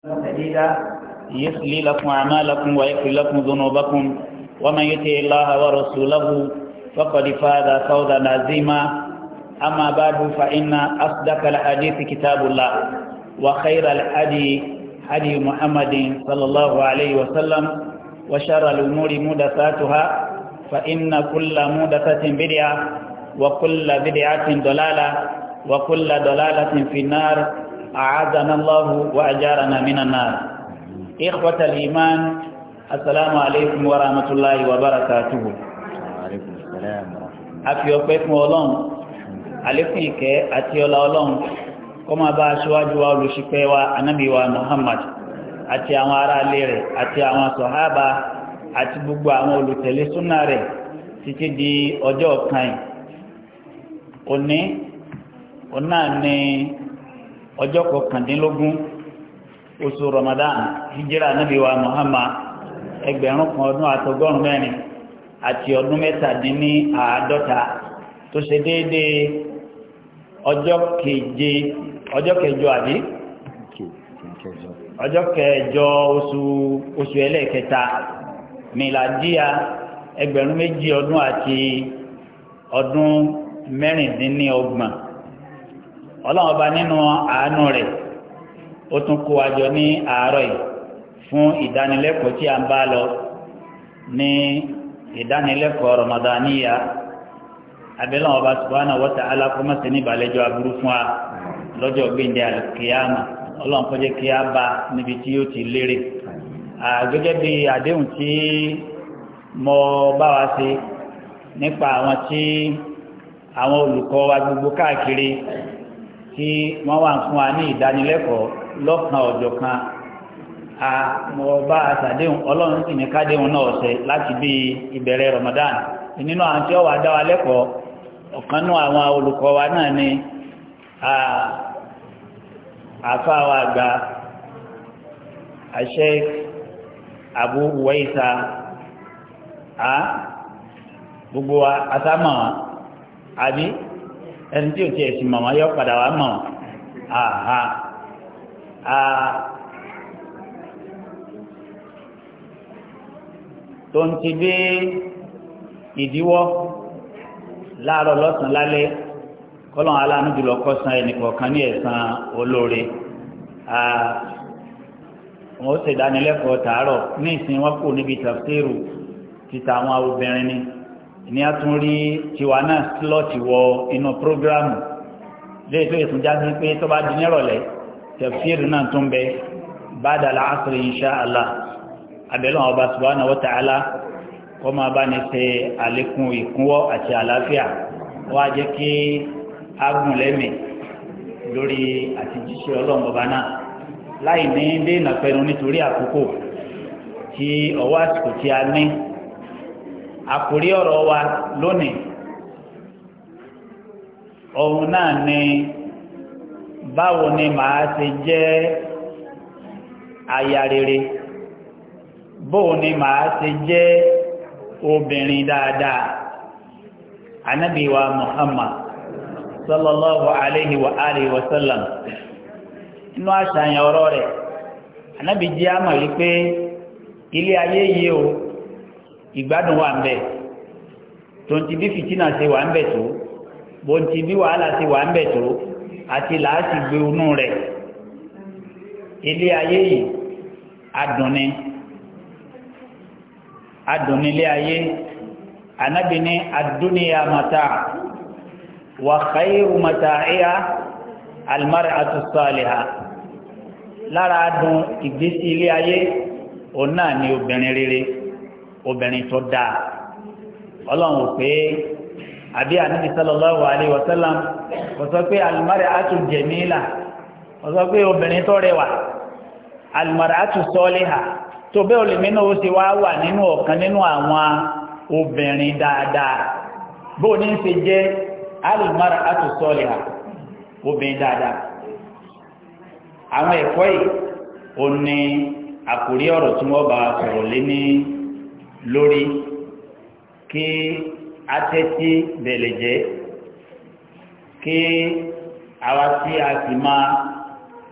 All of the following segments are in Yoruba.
سديدا يصلي لكم أعمالكم ويغفر لكم ذنوبكم ومن يتي الله ورسوله فقد فاز فوزا عظيما أما بعد فإن أصدق الحديث كتاب الله وخير الحدي حدي محمد صلى الله عليه وسلم وشر الأمور محدثاتها فإن كل محدثة بدعة وكل بدعة ضلالة وكل ضلالة في النار أعاذنا الله وأجارنا من النار إخوة الإيمان السلام عليكم ورحمة الله وبركاته وعليكم السلام أفي أفيكم ولون عليكم إكي أتي الله ولون كما بأشواج وولوشيكي وأنبي ومحمد àti àwọn ará ilé rẹ̀ àti àwọn sọ̀hábà àti gbogbo àwọn olùtẹ̀lé súnà rẹ̀ títí di ọjọ́ kan yìí. òní òun náà ni ọjọ́ kọkàndínlógún oṣù Ramadan hijira níbi wa Muhammad ẹgbẹ̀rún kan ọdún àtọgọ́rùn mẹ́rin àti ọdún mẹ́tàdínní àádọ́ta tó ṣe déédéé ọjọ́ ọjọ́ kẹjọ àbí ọjọ́ kẹjọ oṣù ẹlẹ́ẹ̀kẹta ẹgbẹ̀rún méjì ọdún àti ọdún mẹ́rìndínní ọlọ́run ọba nínú àánú rẹ̀ ó tún kó wa jọ ní àárọ̀ yìí fún ìdánilẹ́kọ̀ọ́ tí a ń bá lọ ní ìdánilẹ́kọ̀ọ́ rọmọdáníyà abẹ́lẹ́ ọba subhanahu wa ta'ala alákọ́mọ́sí ní ìbàlẹ́jọ́ aburú fún wa lọ́jọ́ gbẹ̀ndẹ̀ a bá níbi tí mo bá wa ṣe nípa àwọn tí àwọn olùkọ́ wa gbogbo káàkiri tí wọ́n wà fún wa ní ìdánilẹ́kọ̀ọ́ lọ́kàn ọ̀jọ̀ kan àmọ̀ọ́bá àtàdéhùn ọlọ́run sì ní kádéhùn náà ọ̀sẹ̀ láti bí ìbẹ̀rẹ̀ Ramadan nínú àwọn tí ó wà dá wa lẹ́kọ̀ọ́ ọ̀kan nú àwọn olùkọ́ wa náà ni àfáà wa àgbà Sheikh Abu Uwaisa gbogbo asámọ̀ àbí ẹni tí ò ti ẹ̀sìn mọ̀ wọn yọ padà wá mọ̀ àhà tó ń ti dé ìdíwọ́ láàárọ̀ lọ́sàn-án lálẹ́ kọ́lọ́n aláàánú jùlọ kọ́sán ẹnìkọ̀ọ̀kan ní ẹ̀sán olóore wọn ó ṣèdánilẹ́kọ̀ọ́ tààrọ̀ ní ìsìn wọn kù níbi tàfsírù títa àwọn obìnrin ni ní a tún rí tiwa náà slọ́ọ̀tì wọ inú prógrámù lè tó ìsìn já sí pé tó bá di nírọ̀lẹ́ tẹ̀fíìrì náà tún bẹ ba'da al-asri insha Allah abẹ́lọ́n ọba subhanahu wa ta'ala kọ́ máa bá ní ṣe àlékún ìkúnwọ́ àti àlàáfíà wá jẹ́ kí a gùn lórí àti jíṣẹ́ ọlọ́run náà láì ní dé ìnàpẹnu nítorí àkókò tí ọwọ́ àsìkò tí a ní àkórí ọ̀rọ̀ wa lónìí òun náà ni báwo ni màá ṣe jẹ́ aya rere bóun ni màá ṣe jẹ́ obìnrin dáadáa anabi wa Muhammad sallallahu alaihi wa alihi wa sallam inú àṣàyàn ọ̀rọ̀ rẹ̀ anabi jẹ́ àmọ̀ wípé ilé ayé yìí o. ìgbádùn wà ń bẹ tonti bí fìtínà ṣe wà ń bẹ tó bonti bí wàhálà ṣe wà ń bẹ tó àti làásì gbé inú rẹ̀ ilé ayé yìí adùnni adùnni ilé ayé anabi ní mata wà khayru mata iya almari atusaliha lára adùn ìgbésí ilé ayé òun náà ni obìnrin rere. obìnrin tó dáa ọlọ́run ò pé àbí ànábi sallallahu alaihi wasallam kò sọ pé sọ pé obìnrin tó rẹwà al-mar'atu saliha tó bẹ́ẹ̀ olè mínú ó ti wá wà nínú ọ̀kan nínú àwọn obìnrin dáadáa bó ní ṣe jẹ́ al-mar'atu saliha obìnrin dáadáa àwọn ẹ̀kọ́ yìí ní àkórí ọ̀rọ̀ lórí kí atẹ́tí bẹ̀lẹ̀ jẹ́ kí àwa tí a sì máa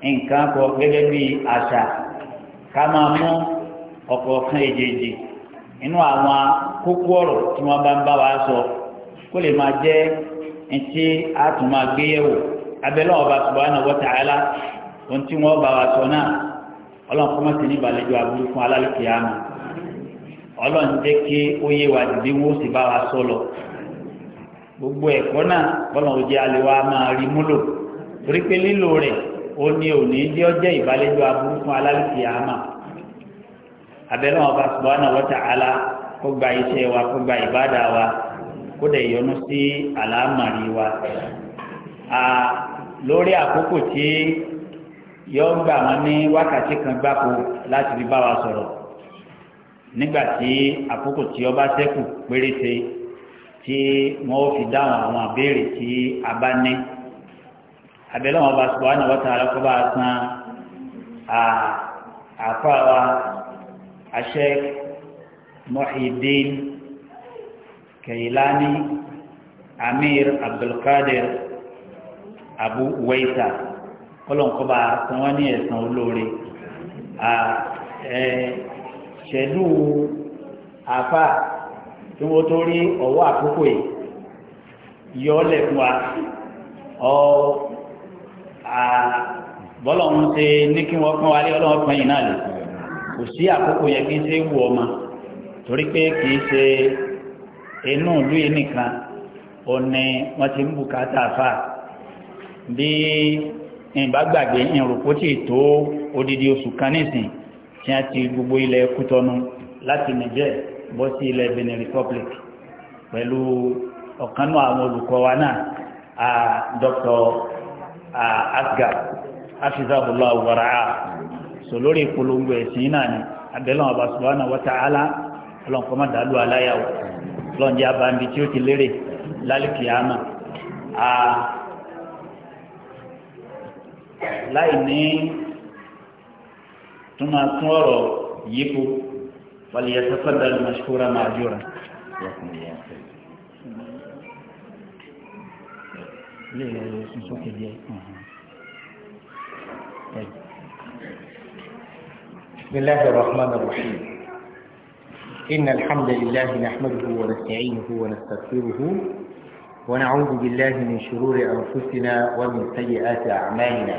nǹkan kọ gẹ́gẹ́ bí àṣà ká máa mú ọ̀kọ̀ọ̀kan èjèèjì nínú àwọn kókó ọ̀rọ̀ tí wọ́n bá ń bá wa sọ kó lè máa jẹ́ ntí a tún máa gbé yẹ̀wò abẹ́lẹ́ ọba subhanahu wa ta'ala ohun tí wọ́n bá wa sọ náà ọlọ́run kọ́mọ́sí ní ìbàlẹ́jọ́ àbúrú fún alálùkìyàmù ọlọ́run jẹ́ kí ó yé wa dìde wó sì bá wa sọ lọ gbogbo ẹ̀kọ́ náà ọlọ́run jẹ́ alẹ́ wa máa rí múlò torí pé lílo rẹ̀ ó ní òní jẹ́ ọjẹ́ ìbálẹ́jọ́ aburú fún alálùkì àmà abẹ́lẹ́ wọn bá subhanahu wa ta'ala kó gba iṣẹ́ wa kó gba ìbádà wa kó dẹ̀ yọ́nú sí àlámàrí wa lórí àkókò tí yọ gbà wọn ní wákàtí kan gbáko láti fi bá wa sọ̀rọ̀ nígbà tí àkókò tí ọba ṣẹ́kù péréte tí wọ́n fi dáhùn àwọn àbéèrè tí a bá ní abẹ́lẹ́ wọn bá sọ̀rọ̀ àwọn ọ̀tá alákọ̀ọ́bá san àfàwà Sheikh Muhyiddin Kailani Amir Abdulkadir Abu Uwaisa kọ́lọ́nkọ́ba san wọ́n ní ẹ̀san olóore ṣẹ̀dú àfà tí wọ́n tó rí ọwọ́ àkókò yìí yọ lẹ́kùn wa ọ bọ́lọ̀ ń ṣe ní kí wọ́n pọ́n wálé ọlọ́wọ́ pọ́n yìí náà lè kò sí àkókò yẹn kí n ṣe wù ọmọ torí pé kì ṣe inú ìlú yìí nìkan ó ní wọ́n ti ń bùkátà àfà bí ìbágbàgbé ìrùkú tí tó odidi oṣù kan nísìnyí tí a ti gbogbo ilẹ̀ kútọ́nu láti Niger bọ́ sí ilẹ̀ Benin Republic pẹ̀lú ọ̀kanú àwọn olùkọ́ wa náà a Dr. Asgar afizabullah wara'a so lórí ìpolongo ẹ̀sìn náà ni abẹ́lẹ́ ọba subhanahu wa ta'ala ọlọ́nkọ́ má dàlú aláyàwó lọ́njẹ́ abandi tí ó ti lérè lálìkìyàmà láì ní tó máa tún ọ̀rọ̀ yípo فليتفضل مشكورا ماجورا بسم الله الرحمن الرحيم إن الحمد لله نحمده ونستعينه ونستغفره ونعوذ بالله من شرور أنفسنا ومن سيئات أعمالنا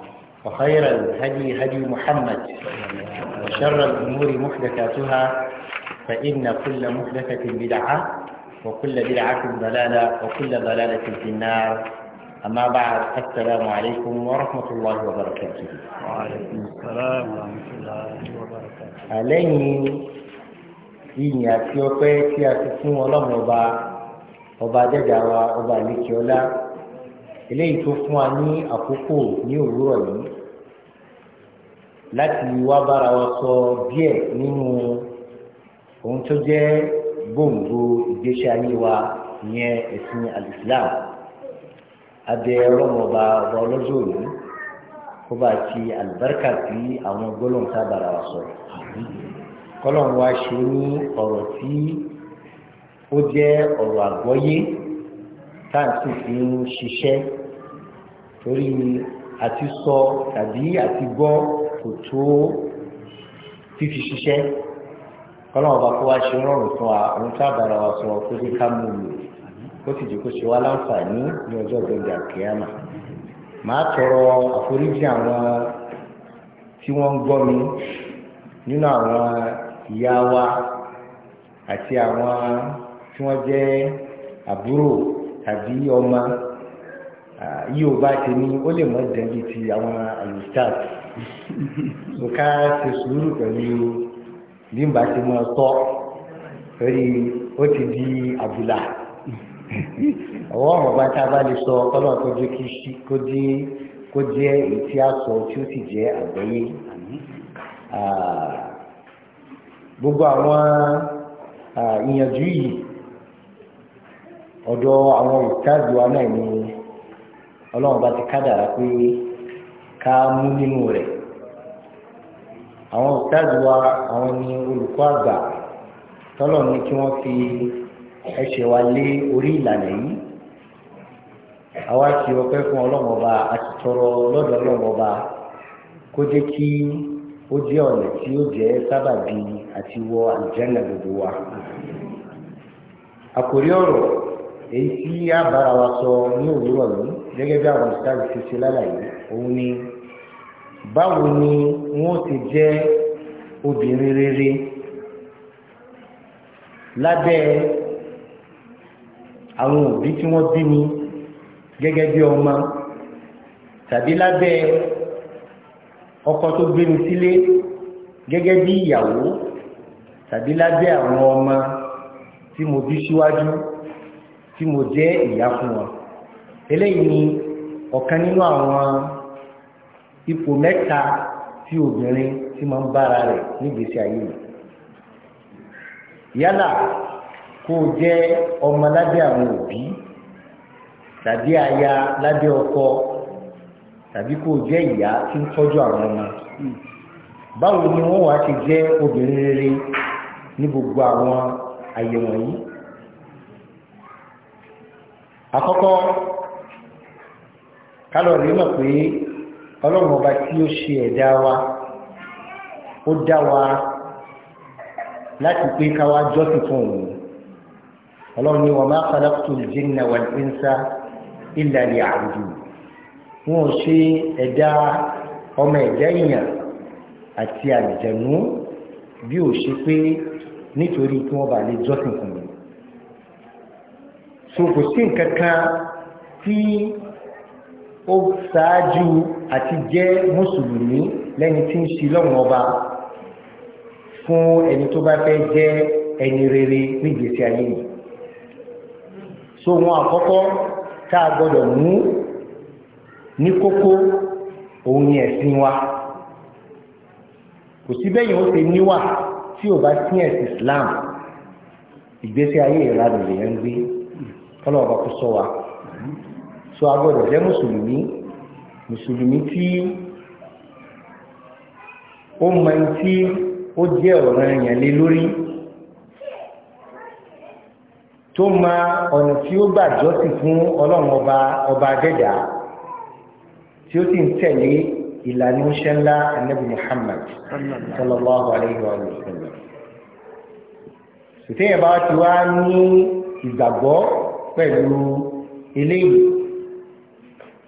وخير الهدي هدي محمد وشر الأمور محدثاتها فإن كل محدثة بدعة وكل بدعة ضلالة وكل ضلالة في النار أما بعد السلام عليكم ورحمة الله وبركاته وعليكم السلام ورحمة الله وبركاته عليني إني أتيوكي تياتي سنو الله وبا وبا دجاوة وبا لكيولا eléyìí tó fún wa ní àkókò ní òwúrọ̀ yìí láti wá bára wa sọ díẹ̀ nínú ohun tó jẹ́ gbòǹgbò ìgbésí ayé wa ìyẹn ẹ̀sìn alìsílám abẹ ọlọ́mọba ọba ọlọ́jọ́ òní kó bá ti àlùbáríkà sí àwọn gbólóhùn sábàrà wa sọ kọ́lọ́n wa ṣe ní ọ̀rọ̀ tí ó jẹ́ ọ̀rọ̀ àgbọ́yé táà fi ń ṣiṣẹ́ torí àti sọ tàbí àti gbọ́ kò tó fífi ṣiṣẹ́ kọ́lọ́wọ́n bá kó wá ṣe rọrùn fún wa àwọn tá a bára wa sọ kó dé ká mú lò ó sì jẹ́ kó ṣe wá láǹfààní ní ọjọ́ ìgbẹ́jà kìámà màá tọrọ àforíjì àwọn tí wọ́n ń gbọ́ mi nínú àwọn ìyá wa àti àwọn tí wọ́n jẹ́ àbúrò tàbí ọmọ yóò bá ti ní ó lè mọ́ dẹ̀bi ti àwọn alustaf so ká ṣe sùúrù pẹ̀lú bí n bá ti mọ́ tọ́ torí ó ti di àbùlà ọwọ́ ọ̀rọ̀ bá tá a bá lè sọ ọlọ́run tó jẹ́ kí kó dé kó jẹ́ èyí tí a sọ tí ó sì jẹ́ àgbáyé gbogbo àwọn ìyànjú yìí ọ̀dọ̀ àwọn òkúta wa náà ni ọlọ́run bá ti kádàrá pé ká mú nínú rẹ̀ àwọn òtáàdù wa àwọn ni olùkọ́ àgbà tọ́lọ̀ ní kí wọ́n fi ẹsẹ̀ wa lé orí ìlànà yìí àwa ṣe ọpẹ́ fún ọlọ́run ọba àti tọrọ lọ́dọ̀ ọlọ́run ọba kó jẹ́ kí ó jẹ́ ọ̀nà tí ó jẹ́ sábàbí àti wọ àlùjánnà gbogbo wa. àkòrí ọ̀rọ̀ èyí tí a bára wa sọ ní òwúrọ̀ yìí gẹ́gẹ́ bí àwọn ìsáàlì ti ṣe lálàyé òun ni báwo ni wọ́n ti jẹ́ obìnrin rere lábẹ́ àwọn òbí tí wọ́n bí mi gẹ́gẹ́ bí ọmọ tàbí lábẹ́ ọkọ tó gbé mi sílé gẹ́gẹ́ bí ìyàwó tàbí lábẹ́ àwọn ọmọ tí mo bí síwájú tí mo jẹ́ ìyá fún wọn. eléyìí ihe ọ̀kan nínú àwọn ipò mẹ́ta tí obìnrin ti máa ń bára rẹ̀ nígbèésí ayé yìí yálà kó o jẹ́ ọmọ lábẹ́ àwọn òbí tàbí aya lábẹ́ ọkọ tàbí kó o jẹ́ ìyá tí ń tọ́jú àwọn ọmọ báwo ni wọ́n wá ti jẹ́ obìnrin rere ní gbogbo àwọn kálọ̀ rí mọ̀ pé ọlọ́run ọba tí ó ṣe ẹ̀dá wa ó dá wa láti pé káwá jọ́sìn fún òun ọlọ́run ni wa ma khalaqtul jinna wal insa illa liya'budun wọn ò ṣe ẹ̀dá ọmọ ẹ̀dá èèyàn àti àlùjànnú bí ò ṣe pé nítorí kí wọ́n bá lè jọ́sìn fún mi so kò sí nǹkan kan tí ó ṣáájú àti jẹ́ mùsùlùmí lẹ́ni tí ń ṣe lọ́wọ́n ọba fún ẹni tó bá fẹ́ jẹ́ ẹni rere nígbèsí ayé yìí so wọn àkọ́kọ́ tá a gbọ́dọ̀ mú ní kókó òun ni ẹ̀sìn wa kò sí bẹ́yìn ó ṣe níwà tí ò bá sí ẹ̀sìn Islam ìgbésí ayé ìranù lèyàn ń gbé kọ́lọ́ ọba kó sọ wa so a gbọ́dọ̀ jẹ́ mùsùlùmí mùsùlùmí tí ó mọ ẹni tí ó jẹ́ ọ̀ràn èèyàn lé lórí tó mọ ọ̀nà tí ó gbà jọ́sìn fún ọlọ́run ọba ọba adẹ́dàá tí ó sì ń tẹ̀lé ìlànà oṣẹ́ ńlá anabi muhammad sallallahu alayhi wa sallam sùtẹ́yìn bá ti wá ní ìgbàgbọ́ pẹ̀lú eléyìí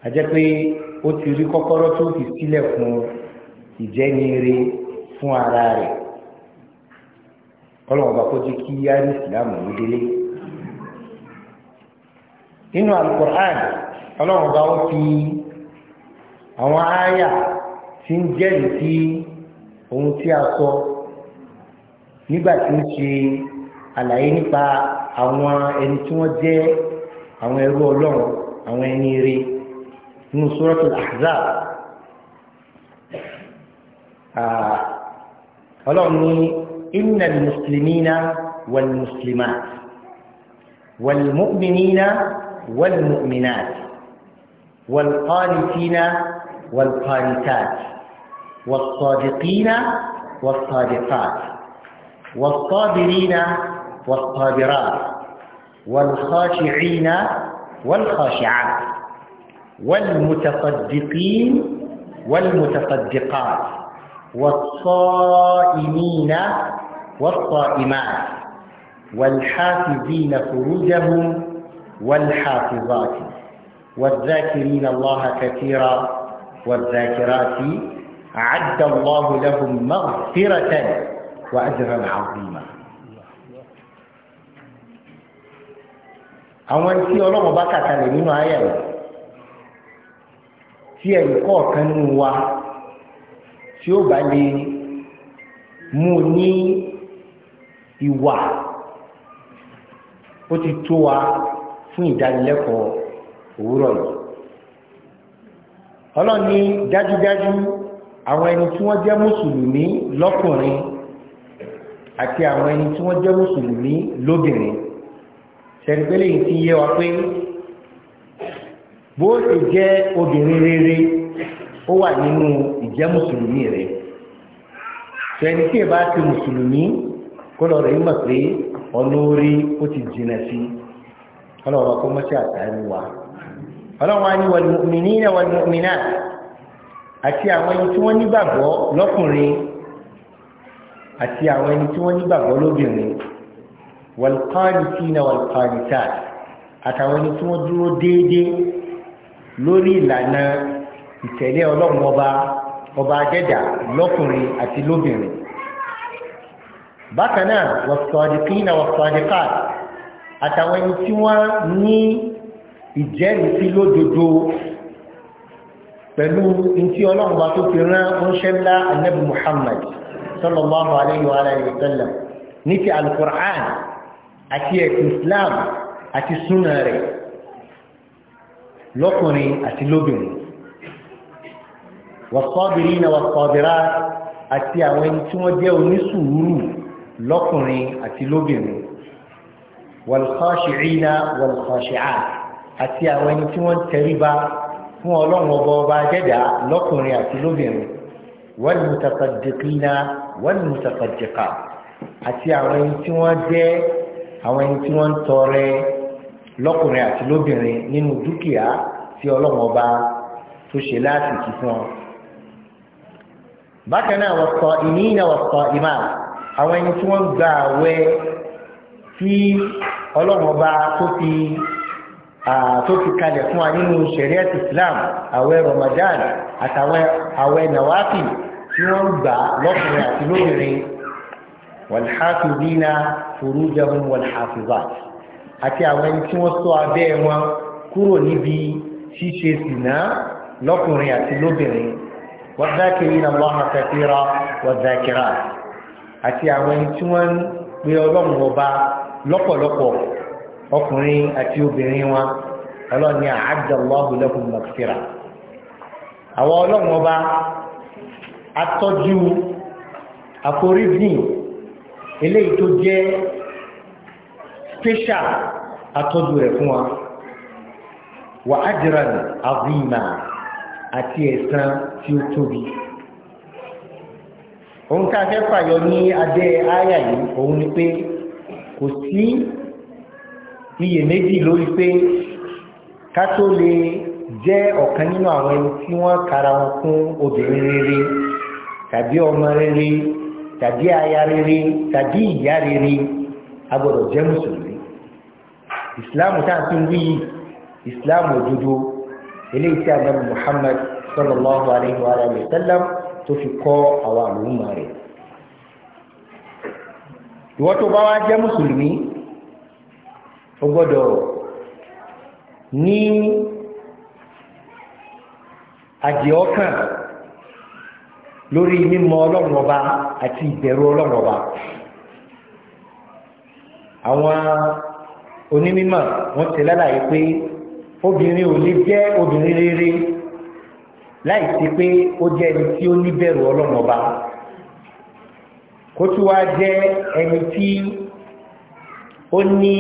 àjẹ́ pé ó ti rí kọ́kọ́rọ́ tó fi sílẹ̀ fún ìjẹ́niire fún ara rẹ̀ ọlọ́run bá kọjú kí yá ní ìsìlámù ní délé nínú alukur'an ọlọ́run bá ó fi àwọn àáyà tí ń jẹ́rìí sí ohun tí a sọ nígbà tí ń ṣe àlàyé nípa àwọn ẹni tí wọ́n jẹ́ àwọn ẹrú ọlọ́run àwọn ẹni rèé. من سورة الأحزاب فلعني آه، إن المسلمين والمسلمات والمؤمنين والمؤمنات والقانتين والقانتات والصادقين والصادقات والصابرين والصابرات والخاشعين والخاشعات والمتصدقين والمتصدقات والصائمين والصائمات والحافظين فروجهم والحافظات والذاكرين الله كثيرا والذاكرات أعد الله لهم مغفرة وأجرا عظيما أولا في ọlọ́run bá kàkà lè tí ẹnì kọ̀ọ̀kan nínú wa tí ó bá lè mú ní ìwà ó ti tó wa fún ìdánilẹ́kọ̀ọ́ òwúrọ̀ yìí ọlọ́ni dájúdájú àwọn ẹni tí wọ́n jẹ́ mùsùlùmí lọ́kùnrin àti àwọn ẹni tí wọ́n jẹ́ mùsùlùmí lóbìnrin ṣẹ̀rìgbélé yìí ti yé wa pé bó ti jẹ́ obìnrin rere ó wà nínú ìjẹ́ mùsùlùmí rẹ̀ fẹ́ni tí ì bá ti mùsùlùmí kó lọ rẹ̀ ń mọ̀ pé ọ̀nà orí ó ti jìnà sí ọlọ́wọ́ kó mọ́ṣẹ́ àtàrí wa ọlọ́wọ́ á ní wal mu'minina wal mu'minat àti àwọn ẹni tí wọ́n nígbàgbọ́ lọ́kùnrin àti àwọn ẹni tí wọ́n nígbàgbọ́ lóbìnrin wal qanitina wal qanitat àtàwọn ẹni tí wọ́n dúró déédéé lórí ìlànà ìtẹ̀lé ọlọ́run ọba ọba adẹ́dà lọ́kùnrin àti lóbìnrin bákan náà wọ̀sọ̀dìkínà wọ̀sọ̀dìkà àtàwọn ẹni tí wọ́n ní ìjẹ́rìsí lódodo pẹ̀lú ntí ọlọ́run bá tó fi rán oúnṣẹ́ ńlá anabi muhammad sallallahu alayhi wa alayhi wa sallam ní ti alukur'an àti ẹ̀sìn islam àti súnà rẹ̀ lọ́kùnrin àti lóbìnrin wọ́sọ́bìnrin náà wọ́sọ́bìnrin àti àwọn ẹni tí wọ́n jẹ́ onísùúrù lọ́kùnrin àti lóbìnrin wọ́lùkọ́ṣìrìnà wọ́lùkọ́ṣìá àti àwọn ẹni tí wọ́n tẹríba fún ọlọ́run ọba ọba jẹ́dà lọ́kùnrin àti lóbìnrin nínú dúkìá tí ọlọ́run ọba tó ṣe láti kí fún ọ. bákan náà wọ́n sọ ìníyàn wọ́n sọ ìmá àwọn ẹni tí wọ́n gba àwẹ̀ tí ọlọ́run ọba tó fi tó fi kalẹ̀ fún wa nínú ṣẹ̀ríà Islam àwẹ̀ Ramadan àtàwọn àwẹ̀ nàwáfì tí wọ́n gbà lọ́kùnrin àti lóbìnrin wal hafizina furujahum wal hafizat àti àwọn ẹni tí wọ́n sọ abẹ́ wọn kúrò níbi ṣíṣe sìnà lọ́kùnrin àti lóbìnrin wadhakirina Allaha kathira wadhakirat àti àwọn ẹni tí wọ́n ń pe ọlọ́run ọba lọ́pọ̀lọpọ̀ ọkùnrin àti obìnrin wọn ọlọ́run ní a'adda Allahu lahum àwọn ọlọ́run ọba atọ́jú àforíjìn eléyìí tó jẹ́ special atọ́jú rẹ̀ fún wa wà á jẹ́ra ní azima àti ẹ̀san tí ó tóbi òun tá a fẹ́ fàyọ ní adé áyà yìí òun ni pé kò sí iyèméjì lórí pé ká tó lè jẹ́ ọ̀kan nínú àwọn ẹni tí wọ́n kara wọn fún obìnrin rere tàbí ọmọ rere tàbí aya rere tàbí ìyá rere a jẹ́ mùsùlùmí ìsìláàmù tá à ń tún wí yìí ìsìláàmù òdodo eléyìí tí ànábì Muhammad sallallahu alayhi wa alayhi wa sallam tó fi kọ́ àwọn àlùmọ̀ rẹ̀ ìwọ tó bá wá jẹ́ mùsùlùmí o gbọ́dọ̀ ní àjẹ́ ọkàn lórí mímọ̀ ọlọ́run ọba àti ìbẹ̀rù ọlọ́run ọba àwọn onímọ̀ wọ́n ti lálàyé pé obìnrin ò lè jẹ́ obìnrin rere láì sí pé ó jẹ́ ẹni tí ó níbẹ̀rù ọlọ́run ọba kó tún wá jẹ́ ẹni tí ó ní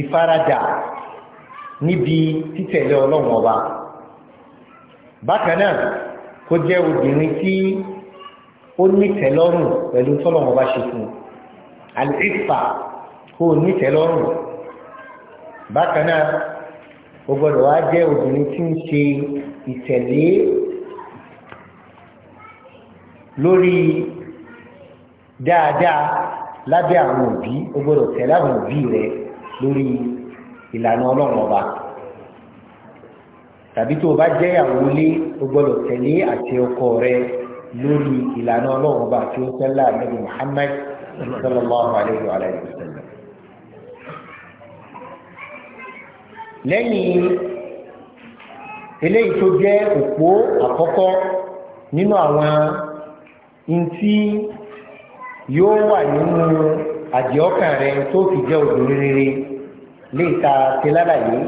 ìfaradà níbi títẹ̀lé ọlọ́run bákan náà kó jẹ́ obìnrin tí ó nítẹ̀lọ́rùn pẹ̀lú tọ́lọ́run ṣe fún un àlìfà kó o ní tẹ́lọ́rùn bákan náà o gbọ́dọ̀ wá jẹ́ obìnrin tí ń ṣe ìtẹ̀lé lórí dáadáa lábẹ́ àwọn òbí o gbọ́dọ̀ tẹ̀lé àwọn òbí rẹ lórí ìlànà ọlọ́run ọba tàbí tó o bá jẹ́ ìyàwó ilé o gbọ́dọ̀ tẹ̀lé àti ọkọ rẹ lórí ìlànà ọlọ́run ọba tí ó tẹ́lá ànábì Muhammad sallallahu alayhi wa alayhi wa sallam. lẹ́yìn eléyìí tó jẹ́ òpó àkọ́kọ́ nínú àwọn ntí yóò wà nínú àdìọ́kàn rẹ tó fi jẹ́ obìnrin rere lè ta telára yìí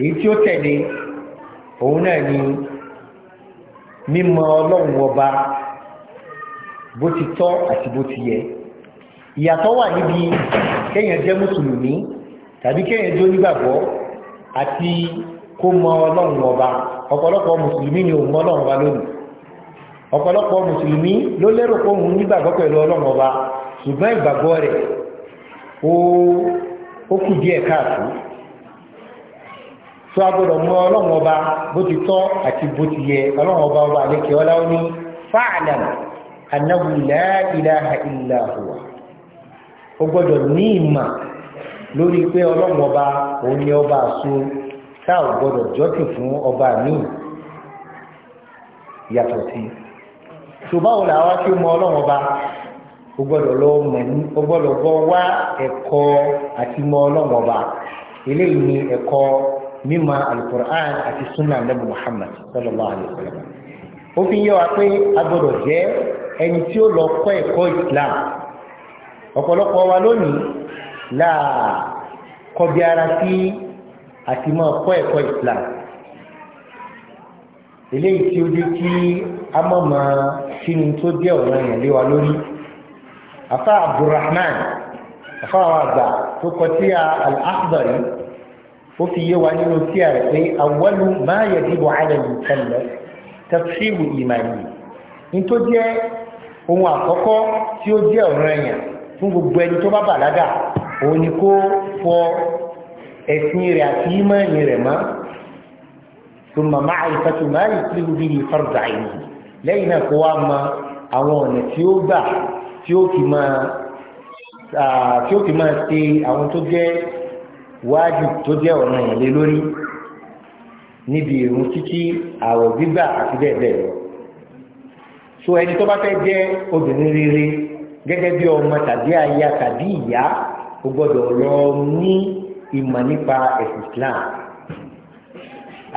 èyí tí ó tẹ̀lé òun náà ni mímọ̀ ọlọ́run ọba bó ti tọ́ àti bó ti yẹ ìyàtọ̀ wà níbi kéèyàn jẹ́ mùsùlùmí tàbí kéèyàn jó nígbàgbọ́ àti kó mọ ọlọ́run ọba ọ̀pọ̀lọpọ̀ mùsùlùmí ni òun mọ ọlọ́run ọba lónìí ọ̀pọ̀lọpọ̀ mùsùlùmí ló lérò pé òun nígbàgbọ́ pẹ̀lú ọlọ́run ọba ṣùgbọ́n ìgbàgbọ́ rẹ̀ ó kù díẹ̀ káàtó tó a gbọ́dọ̀ mọ ọlọ́run ọba bó ti tọ́ àti bó ti yẹ ọlọ́run ọba ọba àlekè ọlá ó ní fáàlà annahu la ilaha illa huwa o gbọ́dọ̀ ní ìmọ̀ lórí pé ọlọ́run ọba òun ni ọba àṣọ tá ò gbọ́dọ̀ jọ́sìn fún ọba míì yàtọ̀ sí ṣùgbọ́n òun làwọn tí ó mọ ọlọ́run ọba o gbọ́dọ̀ lọ mọ̀ ní o gbọ́dọ̀ gbọ́ wá ẹ̀kọ́ àti mọ ọlọ́run ọba eléyìí ni ẹ̀kọ́ mímọ̀ alukur'an àti sunnah nabi muhammad sallallahu alayhi wa sallam ó yẹ wa pé a gbọ́dọ̀ jẹ́ ẹni tí ó lọ kọ́ ẹ̀kọ́ islam ọ̀pọ̀lọpọ̀ wa lónìí láà kọbi ara sí àti máa kọ́ ẹ̀kọ́ islam eléyìí tí ó dé kí a mọ̀ mọ́ sínú tó jẹ́ ọ̀rọ̀ yẹn lé wa lórí afa abdulrahman afa àwọn àgbà tó kọ sí al-akhdari ó fi yé wa nínú sí àrẹ pé awwalu ma yajibu ala al-mukallaf tafsiru imani nítorí ohun àkọ́kọ́ tí ó jẹ́ ọ̀rọ̀ ẹ̀yàn fún gbogbo ẹni tó bá bàlágà òun ni kó fọ ẹ̀sìn rẹ̀ àti ìmọ̀ọ́nì rẹ̀ mọ́ ثم معرفة lẹ́yìn náà kó wá àwọn ọ̀nà tí ó gbà tí ó fi máa ṣe àwọn tó jẹ́ wájú tó jẹ́ ọ̀nà lórí níbi títí àwọ̀ gbígbà àti bẹ́ẹ̀ bẹ́ẹ̀ so ẹni tó bá fẹ́ jẹ́ obìnrin rere gẹ́gẹ́ bí ọmọ tàbí aya tàbí ìyá ó gbọ́dọ̀ lọ ní ìmọ̀ nípa ẹ̀sìn Islam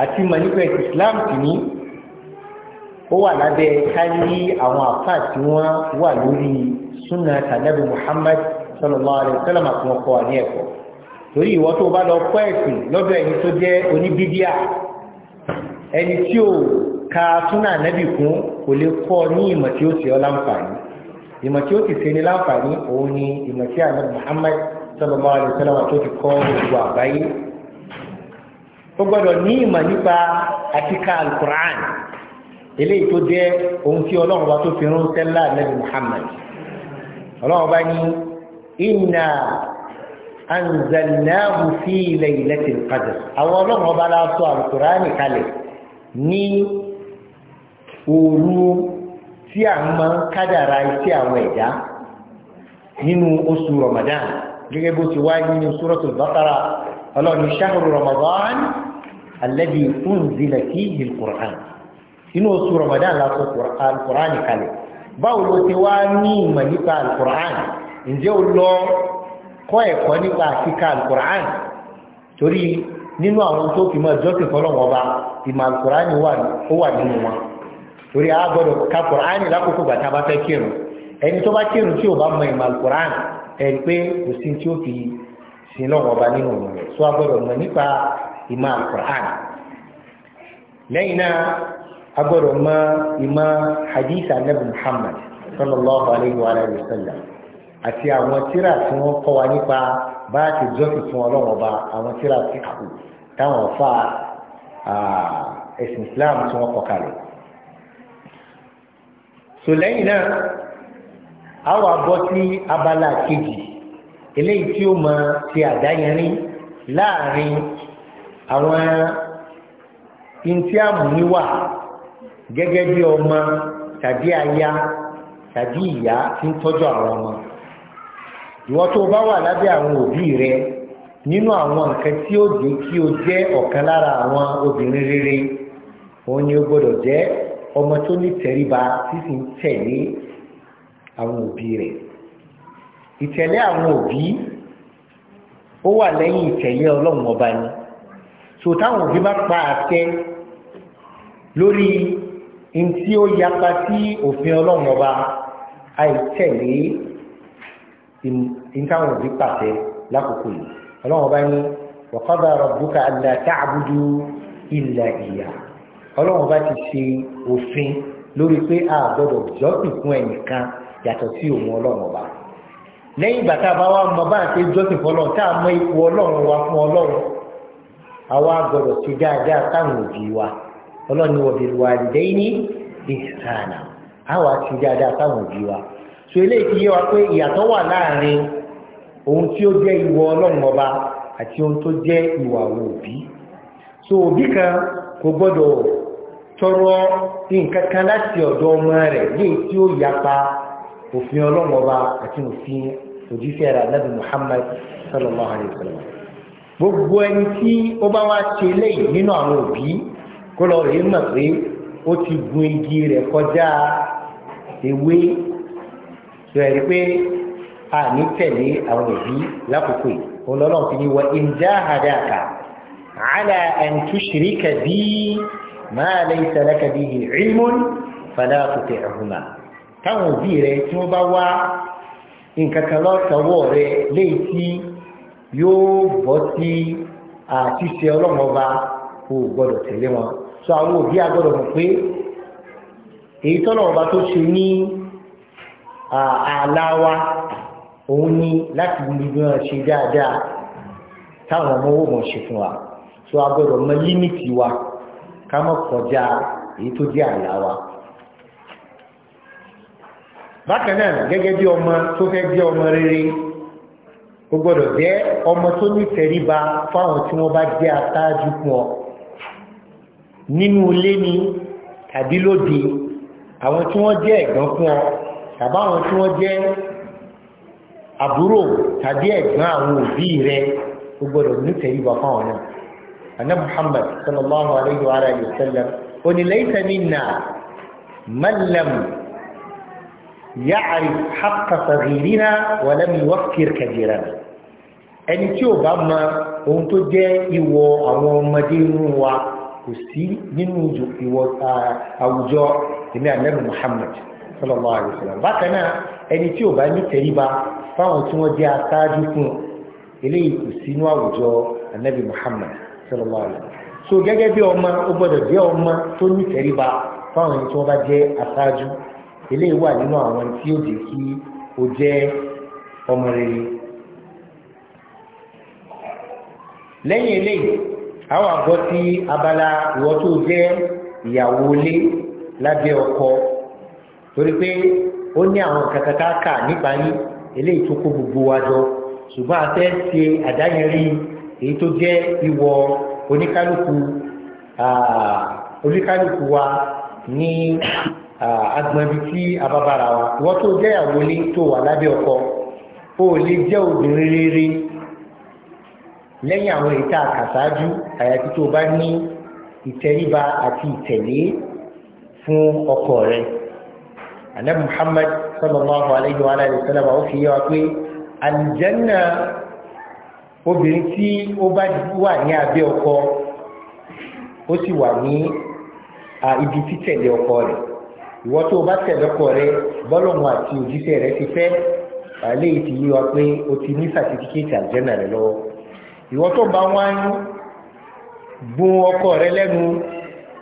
àti ìmọ̀ nípa ẹ̀sìn Islam tì ní ó wà lábẹ́ káyí àwọn àfáà tí wọ́n wà lórí súnà tàbí Muhammad sallallahu alaihi wasallam àti wọn kọ́ wa ní ẹ̀kọ́ torí ìwọ tó bá lọ kọ́ ẹ̀sìn lọ́dọ̀ ẹni tó jẹ́ oníbídíà ẹni tí ò ka súnà nẹ́bì kún kò lè kọ́ ní ìmọ̀ tí ó ṣe ọ́ láǹfààní ìmọ̀ tí ó ti ṣe ní láǹfààní òun ni ìmọ̀ tí àná Muhammad sallallahu alaihi wasallam tó ti kọ́ gbogbo àgbáyé ó gbọ́dọ̀ ní ìmọ̀ nípa àtìkà alukur'an eléyìí tó jẹ́ ohun tí ọlọ́run bá tó fi ránṣẹ́ ńlá nẹ́bì Muhammad ọlọ́run bá ní inna anzalnahu fi laylatil qadr àwọn ọlọ́run ọba la sọ alukur'an kalẹ̀ ní òru tí a máa ń kádàrá iṣẹ́ àwọn ẹ̀dá nínú oṣù Ramadan gẹ́gẹ́ bó ti wáyé nínú Suratul Baqara ọlọ́ni shahru Ramadan alladhi unzila fihi al-Qur'an inú oṣù Ramadan láti al kalẹ̀ báwo ló ti wá ní ìmọ̀ nípa al ǹjẹ́ ó lọ kọ́ ẹ̀kọ́ nípa àkíkà al torí nínú àwọn tó fi mọ́ ìjọ́sìn fọlọ́wọ́ ọba ìmọ̀ al wà nínú wọn torí a gbọ́dọ̀ ka quran lákòókò gbàtà bá fẹ́ kírun ẹni tó bá kírun tí ò bá mọ ìmọ̀ quran ẹni pé kò sí tí ó fi sin lọ́wọ́ ọba nínú òun rẹ̀ so a gbọ́dọ̀ mọ̀ nípa ìmọ̀ quran lẹ́yìn náà a gbọ́dọ̀ mọ̀ ìmọ̀ hadith anabi muhammad sallallahu alayhi wa alayhi wa sallam àti àwọn tíra tí wọ́n kọ́ wa nípa bá a ti jọ́sìn fún ọlọ́wọ́ àwọn tíra tí a táwọn fa ẹ̀sìn islam tí wọ́n kọ kalẹ̀. so lẹ́yìn náà a wà bọ́ sí abala kejì eléyìí tí ó mọ ti àdáyẹrin láàrin àwọn intiamu níwà gẹ́gẹ́ bí ọmọ tàbí aya tàbí ìyá tí ń tọ́jú àwọn ọmọ ìwọ tó bá wà lábẹ́ àwọn òbí rẹ nínú àwọn nǹkan tí ó dé kí o jẹ́ ọ̀kan lára àwọn obìnrin rere òun ni o gbọ́dọ̀ jẹ́ ọmọ tó ní tẹríba sísì ń tẹ̀lé àwọn òbí rẹ̀ ìtẹ̀lé àwọn òbí ó wà lẹ́yìn ìtẹ̀lé ọlọ́run ọba ni so táwọn òbí bá pa àṣẹ lórí ntí ó yapa sí òfin ọlọ́run ọba àìtẹ̀lé ìtàwọn òbí pàṣẹ lákòókò yìí ọlọ́run ọba ní wa qada rabbuka alla ta'budu illa iyyah ọlọ́run bá ti ṣe òfin lórí pé a gbọ́dọ̀ jọ́sìn fún ẹnìkan yàtọ̀ sí òun ọlọ́run ọba lẹ́yìn ìgbà tá a bá wá mọ bá àti jọ́sìn fún ọlọ́run tá a mọ ipò ọlọ́run wa fún ọlọ́run àwa gbọ́dọ̀ ṣe dáadáa táwọn òbí wa ọlọ́run ni wọ́n fi wà lẹ́yìn ìsànà àwa ṣe dáadáa táwọn òbí wa so eléyìí ti yé wa pé ìyàtọ̀ wà láàrin ohun tí ó jẹ́ ìwọ ọlọ́run ọba àti ohun tó jẹ́ ìwà òbí so òbí kan kò gbọ́dọ̀ tọrọ nǹkan kan láti ọ̀dọ̀ ọmọ rẹ̀ léyìí tí ó yapa òfin ọlọ́run ọba àti òfin òjíṣẹ́ rẹ̀ anábì Muhammad sallallahu alayhi wa sallam gbogbo ẹni tí ó bá wá ṣe léyìí nínú àwọn òbí kó lọ rèé mọ̀ pé ó ti gun igi rẹ̀ kọjá ewé tó pé a ní tẹ̀lé àwọn òbí lákòókò yìí ọlọ́run ti ní wa in jahadaka ala an ma laysa laka bihi ilmun fala tuti'huma táwọn òbí rẹ tí wọ́n bá wá nǹkan kan lọ́sọ̀wọ́ rẹ léyìí tí yóò bọ́ sí àtúnṣe ọlọ́mọba kò gbọ́dọ̀ tẹ̀lé wọn sọ àwọn òbí agbọ́dọ̀ mọ̀ pé èyí tọ́lọ́mọba tó ṣe ní ààlà wa òun ni láti bí wọ́n ṣe dáadáa táwọn ọmọ owó mọ̀ ṣe fún wa sọ agbọ́dọ̀ mọ límìtì wa ká má kọjá èyí tó jẹ́ àlá wa bákan náà gẹ́gẹ́ bí ọmọ tó fẹ́ jẹ́ ọmọ rere o gbọ́dọ̀ jẹ́ ọmọ tó ní tẹríba fáwọn tí wọ́n bá jẹ́ atájú fún ọ nínú ilé ni tàbí lóde àwọn tí wọ́n jẹ́ ẹ̀gbọ́n fún ọ tàbí àwọn tí wọ́n jẹ́ àbúrò tàbí ẹ̀gbọ́n àwọn òbí rẹ o gbọ́dọ̀ ní tẹríba fáwọn náà annabi muhammad sallallahu alayhi wa alayhi wa sallam ó ní laysa minna man lam ya'rif haqqa saghirina wa lam yuwaqqir kabirana ẹni tí ò bá mọ ohun tó jẹ́ ìwọ àwọn ọmọdé inú wa kò sí nínú ìwọ àwùjọ ìmí ànábì muhammad sallallahu alayhi wa sallam bákan náà ẹni tí ò bá ní tẹríba fáwọn tí wọ́n jẹ́ aṣáájú fún eléyìí kò sínú àwùjọ ànábì muhammad sọlọ́lá rẹ̀ so gẹ́gẹ́ bí ọmọ ó gbọ́dọ̀ jẹ́ ọmọ tó ní ìtẹríba fáwọn ẹni tí wọ́n bá jẹ́ aṣáájú eléyìí wà nínú àwọn tí ó jẹ́ kí ó jẹ́ ọmọ rere lẹ́yìn eléyìí àwọn àgọ́ tí abala ìwọ tó jẹ́ ìyàwó ilé lábẹ́ ọkọ torí pé ó ní àwọn kàkàkàkà nípa yín eléyìí tó kó gbogbo wa jọ ṣùgbọ́n a fẹ́ ṣe àdáyẹrí èyí tó jẹ́ ìwọ oníkálukú oníkálukú wa ní agbọ̀nbi tí a wa wọ́n tó jẹ́ ìyàwó ní tó wà lábẹ́ ọkọ ó lè jẹ́ obìnrin rere lẹ́yìn àwọn èyí tá a àyàfi tó bá ní ìtẹríba àti ìtẹ̀lé fún ọkọ rẹ̀ anabi muhammad sallallahu alayhi wa alayhi wa sallam ó fi yé wa pé aljanna obìnrin tí ó bá wà ní abẹ́ ọkọ ó sì wà ní ibi títẹ̀lé ọkọ rẹ̀ ìwọ tó o bá tẹ̀lé ọkọ rẹ̀ bọ́lọ̀mù àti òjíṣẹ́ rẹ̀ ti fẹ́ àlẹ́ yìí ti yí wa pé o ti ní sàtífíkẹ́tì àjẹ́nà rẹ̀ lọ́wọ́ ìwọ tó bá wá ń gun ọkọ rẹ̀ lẹ́nu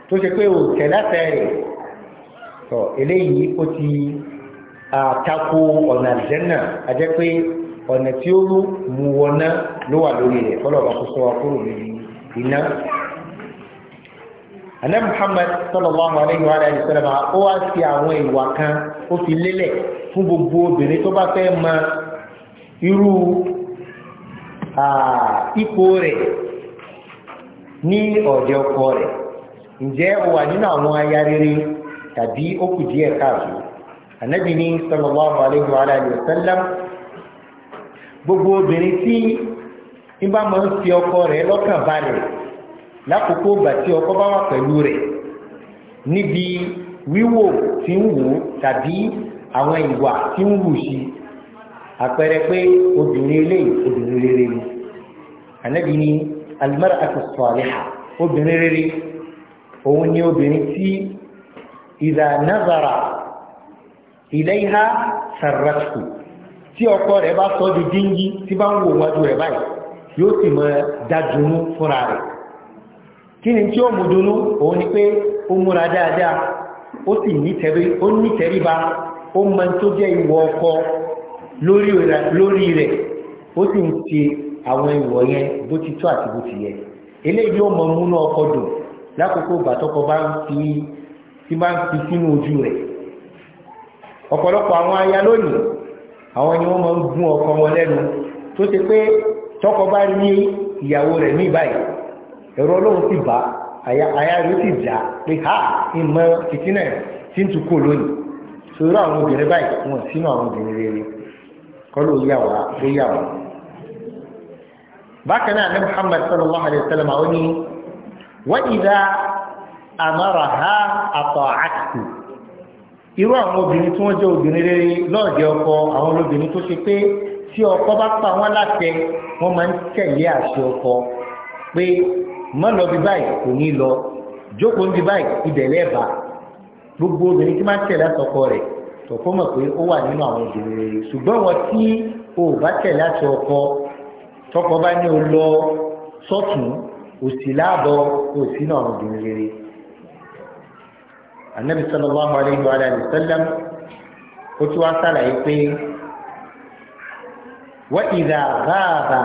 tó ṣe pé o tẹ̀lé àtẹ rẹ̀ tọ́ eléyìí ó ti àtakò ọ̀nà àjẹ́nà àjẹ́ pé ọ̀nà tí ó ló mú wọná ló wà lórí rẹ̀ kọ́lọ̀ bá kó sọ wa kúrò níbi iná. Àná Muhammad sallallahu alayhi wa alayhi wa sallam ó wá sí àwọn ìwà kan ó fi lélẹ̀ fún gbogbo obìnrin tó bá fẹ́ mọ irú ipò rẹ̀ ní ọ̀dẹ ọkọ rẹ̀ ǹjẹ́ ó wà nínú àwọn aya rere tàbí ó kù díẹ̀ káàtó ànábì sallallahu alayhi wa alayhi wa sallam gbogbo obìnrin tí ń bá máa ń fi ọkọ rẹ̀ lọ́kàn balẹ̀ lákòókò ìgbà tí ọkọ bá wà pẹ̀lú rẹ̀ níbi wíwò tí ń wò tàbí àwọn ìwà tí ń wù sí àpẹẹrẹ pé obìnrin eléyìí obìnrin rere ni ànábi ni almar'atu salihah obìnrin rere òun ni obìnrin tí idha nazara ilayha sarratuhu tí ọkọ rẹ̀ bá sọ di díngí tí bá ń wò wájú rẹ̀ báyìí yóò sì mọ dájúnú fúnra rẹ̀ kí ni tí ó mú dunú òun ni pé ó múra dáadáa ó sì nítẹríba ó mọ tó jẹ́ ìwọ ọkọ lórí rẹ̀ ó sì ń ṣe àwọn ìwọ yẹn bó ti tó àti bó ti yẹ eléyìí ó mọ múnú ọkọ dùn lákòókò ìgbà bá ń fi tí bá ń fi sínú ojú rẹ̀ ọ̀pọ̀lọpọ̀ àwọn aya lónìí àwọn ni wọ́n máa ń gún ọkọ wọn lẹ́nu tó ṣe pé tọkọ bá ní ìyàwó rẹ̀ ní ìbáyìí ẹ̀rọ ọlọ́run sì bá àyà rẹ̀ sì jà pé ha ìmọ̀ fìtínà tí ń tukọ̀ lónìí sọ̀rọ̀ àwọn obìnrin báyìí wọn sínú àwọn obìnrin rere kọ́lù yàwá ló yàwá. bákan náà ní Muhammad sallallahu alayhi wa sallam àwọn ni wọ́n ìdá amaraha ata'atu irú àwọn obìnrin tí wọ́n jẹ́ obìnrin rere lọ́ọ̀dẹ ọkọ àwọn olóbìnrin tó ṣe pé tí ọkọ bá pa wọ́n láṣẹ wọ́n máa ń tẹ̀lé àṣẹ ọkọ pé má lọ bí báyìí kò ní lọ jókòó bí báyìí ìbẹ̀lẹ̀ ẹ̀bà gbogbo obìnrin tí máa ń tẹ̀lé àtọkọ rẹ̀ tọ̀kọ́ mọ̀ pé ó wà nínú àwọn obìnrin rere ṣùgbọ́n wọn tí o bá tẹ̀lé àṣẹ ọkọ tọkọ bá ní o lọ sọ́tún òsì láàbọ̀ òsì náà anabi sallallahu alayhi wa alayhi wa sallam ó tún wá sàlàyé pé wa idha ghaba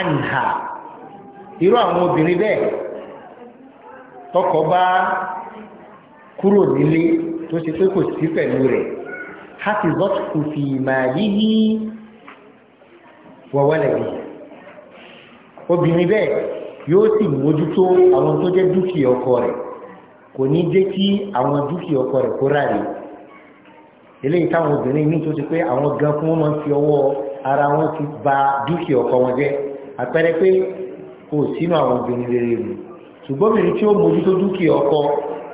anha irú àwọn obìnrin bẹ́ẹ̀ tọkọ bá kúrò nílé tó ṣe pé kò sí pẹ̀lú rẹ̀ hafizat kò fi malihi wa waladihi obìnrin bẹ́ẹ̀ yóò sì mójútó àwọn tó jẹ́ dúkìá ọkọ rẹ̀ kò ní jẹ́ kí àwọn dúkìá ọkọ rẹ̀ kó ráre eléyìí táwọn obìnrin míì tó ti pé àwọn gan fún wọn máa ń fi ọwọ́ ara wọn ti bà dúkìá ọkọ wọn jẹ́ àpẹẹrẹ pé kò sínú àwọn obìnrin rere rè ṣùgbọ́n obìnrin tí ó mójútó dúkìá ọkọ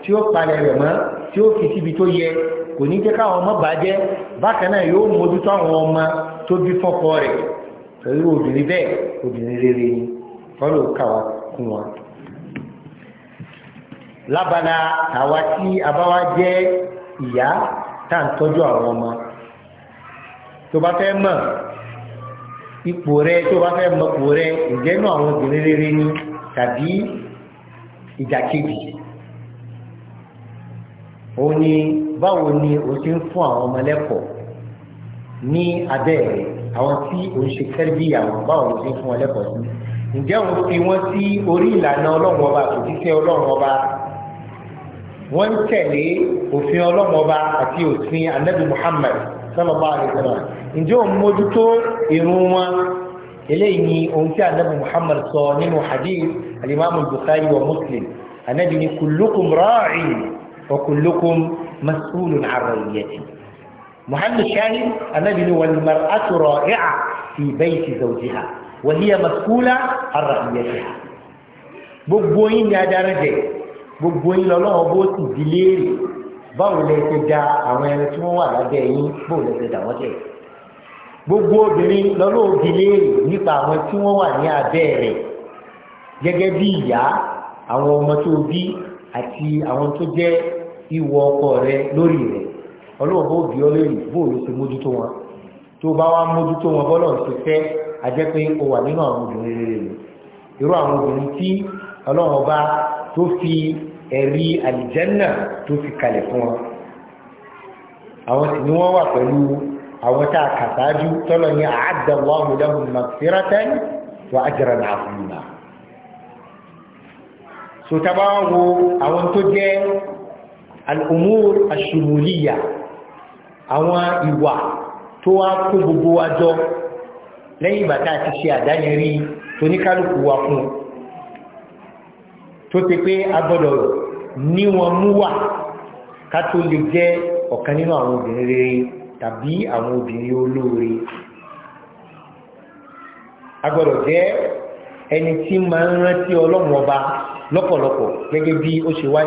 tí ó palẹ̀ rẹ̀ mọ́ tí ó fi síbi tó yẹ kò ní jẹ́ káwọn ọmọ bàjẹ́ bákan náà yóò mójútó àwọn ọmọ tó bí fọ́kọ rẹ̀ pẹ̀lú obìnrin bẹ́ẹ̀ obìnrin rere ni kọ́ ló kà kún wọn lábala àwa tí abáwá jẹ́ ìyá tá à ń tọ́jú àwọn ọmọ tó bá fẹ́ mọ̀ ipò rẹ tó bá fẹ́ mọ̀ ipò rẹ ǹjẹ́ àwọn obìnrin rere ni tàbí ìdàkejì ó ní báwo ni o ti ń fún àwọn ọmọ lẹ́kọ̀ọ́ ní abẹ́ rẹ̀ àwọn tí o ń ṣe kẹ́rìbí àwọn báwo ni o ti ń fún wọn lẹ́kọ̀ọ́ sí ǹjẹ́ òun fi wọ́n sí orí ìlànà ọlọ́run ọba àtòjíṣẹ́ ọlọ́run ọba wọ́n tẹ̀lé òfin ọlọ́mọba àti òfin anabi muhammed sọlọmọ alaihi wasallam ǹjẹ́ òun mójútó irun wa eléyìí ni ohun tí anabi muhammed sọ nínú hadith alimami bukari wa muslim anabi ni kulukum ra'i wa kulukum mas'ulun an muhammed shani anabi ni wal mar'atu ra'i'a fi bayti zawjiha wa hiya mas'ula an ra'iyatiha gbogbo yín ni adarí jẹ gbogbo yín lọ́lọ́wọ́ bó sì di léèrè báwo lẹ ti da àwọn ẹni tí wọ́n wà lábẹ́ yín bó lẹ ti dà wọ́n tẹ̀. gbogbo obìnrin lọ́lọ́wọ́ di léèrè nípa àwọn tí wọ́n wà ní abẹ́ rẹ̀ gẹ́gẹ́ bí ìyá àwọn ọmọ tó bí àti àwọn tó jẹ́ ìwọ ọkọ rẹ lórí rẹ̀ ọlọ́wọ́ bó bí ọ léèrè bó ló ti mójútó wọn tó bá wá mójútó wọn bọ́lọ̀ ń ṣe ajẹ́ pé o wà nínú àwọn obìnrin rere irú àwọn obìnrin tí ọlọ́wọ́ bá tó fi ẹ̀rí àlìjẹ́nà tó fi kalẹ̀ fún wọn àwọn sì ni wọ́n wà pẹ̀lú àwọn tá a kà sáájú tọ́lọ̀ ní a'addallahu lahum maghfiratan wa ajran 'azima sotaba wo àwọn tó wá kó gbogbo wa lẹ́yìn ìgbà tá a ti ṣe àdáyẹrí toníkálukú wa fún un tó ti pé agbọ́dọ̀ ní wọn mú wà ká tó lè jẹ́ ọ̀kan nínú àwọn obìnrin rere tàbí àwọn obìnrin olóore agbọ́dọ̀ jẹ́ ẹni tí máa ń rántí ọlọ́run ọba lọ́pọ̀lọpọ̀ gẹ́gẹ́ bí ó ṣe wá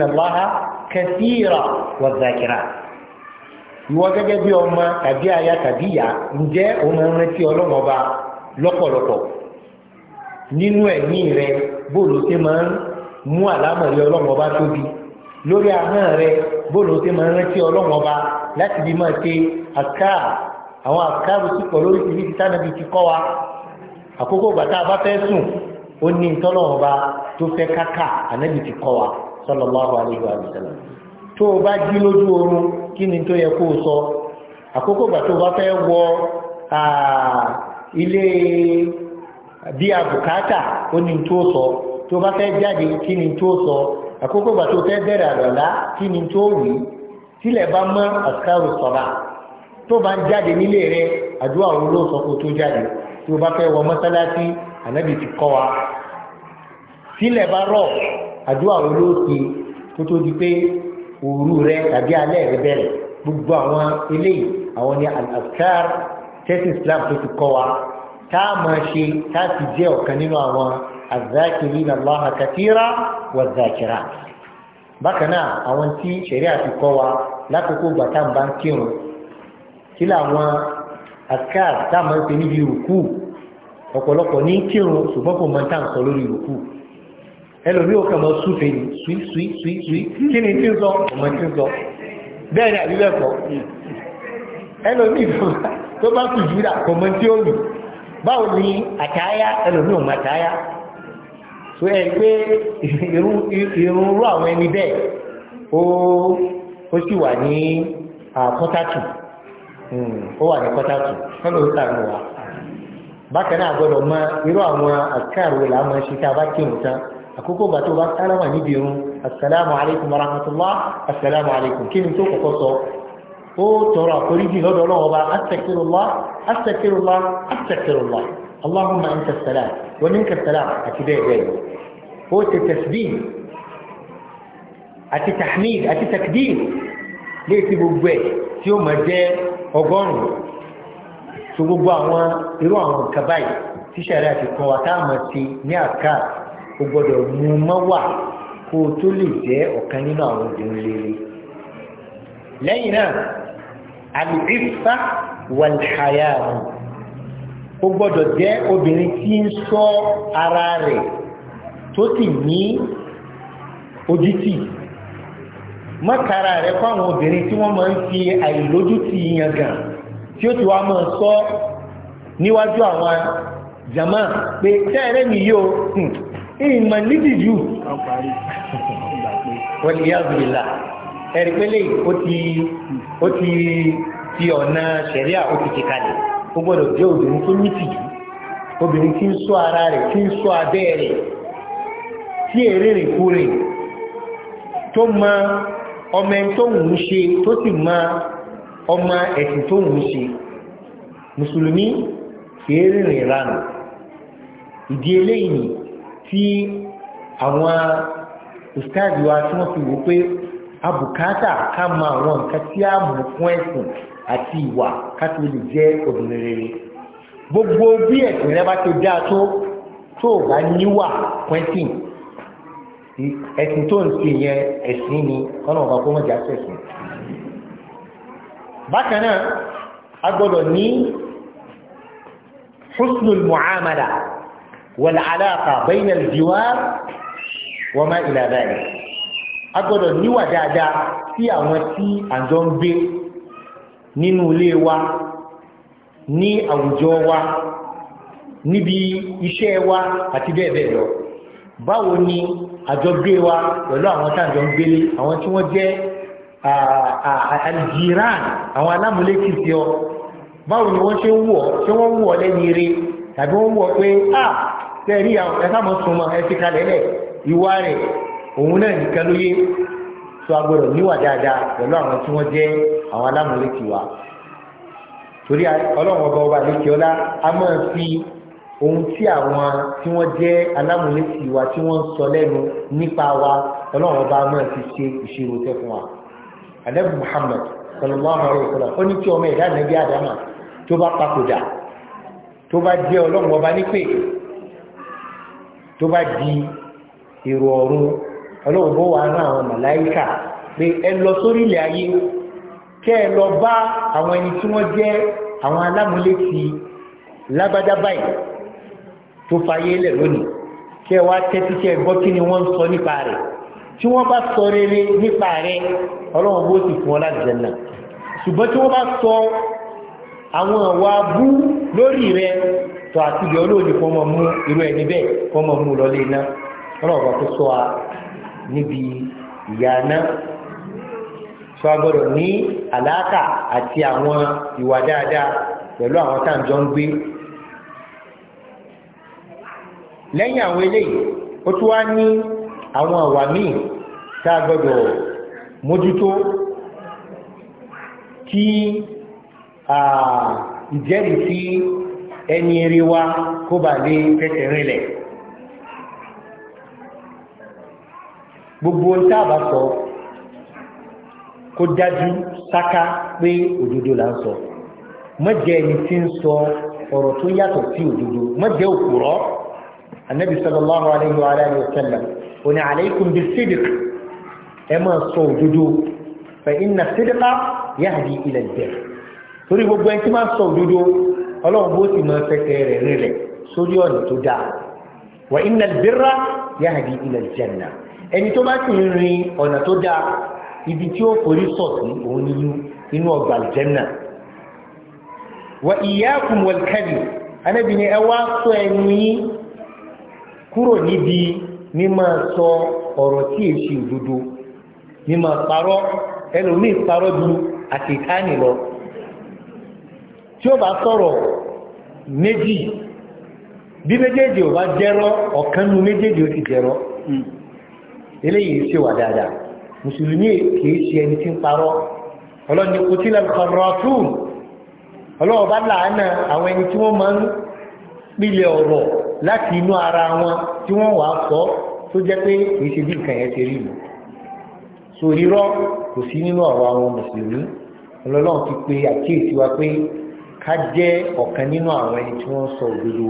na láha kẹsíra wọ̀zákìrá ìwọ gẹ́gẹ́ bí ọmọ tàbí aya tàbí ìyá ǹjẹ́ o rántí ọlọ́run ọba lọ́pọ̀lọpọ̀ nínú ẹ̀mí rẹ bóòlù ṣe máa ń mú àlámọ̀rí ọlọ́run ọba tóbi lórí ahọ́n rẹ bóòlù ṣe máa ń rántí ọlọ́run ọba láti bí máa ṣe àká àwọn àkáàrò sí pọ̀ lórí ìrísí sánàbí ti kọ́ wa àkókò gbàtà bá fẹ́ sùn ó ní ìtọ́lọ́run ọba tó fẹ́ káká ànábì ti kọ́ wa sallallahu alaihi wa sallam tó o bá jí lójú oorun kí ni tó yẹ kó o sọ àkókò gbàtà bá fẹ́ wọ ilé bí a bùkátà ó ní tó sọ tó bá fẹ́ jáde kí ni tó sọ àkókò gbà tó fẹ́ bẹ̀rẹ̀ àlọ́lá kí ni tó wí tílẹ̀ bá mọ́ àṣàrò sọ̀rọ̀ tó bá ń jáde nílé rẹ àdúrà òun ló sọ kó tó jáde tí o bá fẹ́ wọ mọ́sálásí ànábì ti kọ́ wa tílẹ̀ bá rọ̀ àdúrà òun ló ṣe kó tó di pé òru rẹ tàbí alẹ́ rẹ bẹ̀rẹ̀ gbogbo àwọn eléyìí àwọn ni al tẹ́sí islam tó ti kọ́ wa tá a máa ṣe tá a sì jẹ́ ọ̀kan nínú àwọn az-zakirina Allaha katira waz-zakira bákan náà àwọn tí ṣẹ̀rí àti kọ́ wa lákòókò gbà tá à ń bá ń kírun kí làwọn askar tá a máa ń pè níbi rùkú ọ̀pọ̀lọpọ̀ ní kírun ṣùgbọ́n kò máa ń tà ń sọ lórí rùkú ẹlòmí ò kàn mọ́ súfèé ní sùí sùí sùí sùí kí ni tí ń sọ ọmọ tí ń sọ bẹ́ẹ̀ ni àbí bẹ́ẹ̀ kọ́ ẹlòmí tó bá sùjúdà kò báwo ni àtàyà ẹlòmí ò máa tàyà so ẹ pé irun irun rú àwọn ẹni bẹ́ẹ̀ ó ó sì wà ní àkọ́tàtù hmm, ó wà ní kọ́tàtù kọ́nà ó sàánú wa bákan náà gbọ́dọ̀ mọ irú àwọn àkàrò là máa ṣe tá a bá kírun tán àkókò bàtó bá sálámà níbi irun asalaamu wa rahmatulah asalaamu kí ni tó kọ́kọ́ sọ ó tọrọ àforíjì lọ́dọ̀ ọlọ́run ọba astaghfirullah astaghfirullah astaghfirullah allahumma anta salam wa minka salam àti bẹ́ẹ̀ bẹ́ẹ̀ lọ ó ti tasbih àti tahmid àti takbir léèsì gbogbo ẹ̀ tí ó máa jẹ́ ọgọ́rùn-ún tó gbogbo àwọn irú àwọn nǹkan báyìí tíṣẹ̀rẹ́ àti kan wa táà ti ní àká o gbọ́dọ̀ mú mọ́ wà kó o tó lè jẹ́ ọ̀kan nínú àwọn obìnrin rere lẹ́yìn náà àlùfífà wàlhàyàrù ó gbọ́dọ̀ jẹ́ obìnrin tí ń ṣọ́ ara rẹ̀ tó sì ní ojútì mọ́kàrà rẹ̀ fáwọn obìnrin tí wọ́n máa ń fi àìlójútì yan gan tí ó ti wá máa sọ níwájú àwọn jama pé tẹ́ẹ̀rẹ́ mi yóò hmm, ìmọ̀ nídìjú wọ́n ti yá ó ti ti ọ̀nà sẹ̀ríà ó ti ti kalẹ̀ ó gbọ́dọ̀ jẹ́ obìnrin tó ní tìjú obìnrin tí ń sọ ara rẹ̀ tí ń sọ abẹ́ rẹ̀ tí èrè rẹ̀ kú rẹ̀ tó mọ ọmọ ẹni tó ń ṣe tó sì mọ ọmọ ẹ̀sìn tó ń ṣe mùsùlùmí kìí rìnrìn ìranù ìdí eléyìí tí àwọn ustaadi wa tí wọ́n fi wò pé abùkátà ká máa àwọn nǹkan tí a mú fún ẹ̀sìn àti ìwà ká tó lè jẹ́ obìnrin rere gbogbo bí ẹ̀sìn rẹ bá ti dáa tó tó o bá níwà pẹ́ntìn ẹ̀sìn tó ń ṣe yẹn ẹ̀sìn ni ọ̀nà ọ̀bá kó mọ̀jà sẹ̀sìn bákan náà a gbọ́dọ̀ ní husnul mu'amala wal alaqa bayna al-jiwar wa ma a gbọ́dọ̀ níwà dáadáa sí àwọn tí àjọ ń gbé nínú ilé wa ní àwùjọ wa níbi iṣẹ́ wa àti bẹ́ẹ̀ bẹ́ẹ̀ lọ báwo ni àjọgbé wa pẹ̀lú àwọn táàjọ ń gbélé àwọn tí wọ́n jẹ́ aljiran àwọn alámúlétì sí ọ báwo ni wọ́n ṣe ń wọ̀ ṣé wọ́n ń wọ̀ lẹ́yìn eré tàbí wọ́n wọ̀ pé ah tẹ̀rí ẹ̀ká mọ̀ lẹ̀ ìwà rẹ̀ òun náà nìkan ló yé tó a gbọ́dọ̀ níwà dáadáa pẹ̀lú àwọn tí wọ́n jẹ́ àwọn alámúlétì wa torí ọlọ́run ọba ọba àlékè ọlá a máa fi ohun tí àwọn tí wọ́n jẹ́ alámúlétì wa tí wọ́n ń sọ lẹ́nu nípa wa ọlọ́run ọba a máa fi ṣe ìṣirò tẹ́ fún wa anabi muhammad sallallahu alayhi wa sallam ó ní tí ọmọ ẹ̀dá anabi adama tó bá papòdà tó bá jẹ́ ọlọ́run ọba nípè tó bá di èrò ọ̀run ọlọ́run bó wà rán àwọn màláíkà pé ẹ lọ sórí ilẹ̀ ayé kẹ́ ẹ lọ bá àwọn ẹni tí wọ́n jẹ́ àwọn alámúlétì lágbájá báyìí tó fayé lẹ̀ lónìí kẹ́ ẹ wá tẹ́tí kẹ́ ẹ gbọ́ kí ni wọ́n ń sọ nípa rẹ̀ tí wọ́n bá sọ rere nípa rẹ̀ ọlọ́run bó sì fún ọ láti jẹ náà ṣùgbọ́n tí wọ́n bá sọ àwọn àwa bú lórí rẹ̀ tó àti ìdí fọmọ mú irú ẹni bẹ́ẹ̀ fọmọ mú lọlé iná ọlọ́ọ̀bà tó sọ níbi ìyáná tó a gbọ́dọ̀ ní àlàákà àti àwọn ìwà dáadáa pẹ̀lú àwọn tá à ń gbé lẹ́yìn àwọn eléyìí ó tún wá ní àwọn àwà míì tá a gbọ́dọ̀ mójútó kí ìjẹ́rìí sí ẹni eré wa kó bà lè fẹsẹ̀ rinlẹ̀. gbogbo ohun tá a bá sọ kó dájú sáká pé òdodo là ń sọ má jẹ́ ẹni tí ń sọ ọ̀rọ̀ tó yàtọ̀ sí òdodo má jẹ́ òkúrọ́ anabi sallallahu alayhi wa alayhi wa sallam oní alaykum bi sidik ẹ máa sọ òdodo fa inna sidika yahdi ila al-bir torí gbogbo ẹni tí máa sọ òdodo ọlọ́run bó sì máa fẹsẹ̀ rẹ̀ rinlẹ̀ sórí ọ̀nà tó dáa wa inna al-birra yahdi ila al-janna. ẹni tó bá sì ń rin ọ̀nà tó dáa ibi tí ó forí sọ̀tún òun ni inú ọgbà àlùjẹ́nà wa iyyakum wal kadhib anábì ni ẹ wá sọ ẹnu kúrò níbi mímọ̀ sọ ọ̀rọ̀ tí ṣe òdodo mímọ̀ parọ́ ẹlòmíì parọ́ ju àtìkáàní lọ tí ó bá sọ̀rọ̀ méjì bí méjèèjì ò bá jẹ́rọ́ ọ̀kan nu méjèèjì ó ti jẹ́rọ́ hmm. eléyìí ṣe wà dáadáa mùsùlùmí kìí ṣe ẹni tí ń parọ́ ọlọ́ni kò tí lẹ́nu kọ̀rọ̀ tún ọlọ́wọ́ bá làánà àwọn ẹni tí wọ́n máa ń pilẹ̀ ọ̀rọ̀ láti inú ara wọn tí wọ́n wàá sọ tó jẹ́ pé kìí ṣe bí nǹkan yẹn ti rí mi so irọ́ kò sí nínú ọ̀rọ̀ àwọn mùsùlùmí ọlọ́run ti pe àkíyèsí wa pé ká jẹ́ ọ̀kan nínú àwọn ẹni tí wọ́n sọ òdodo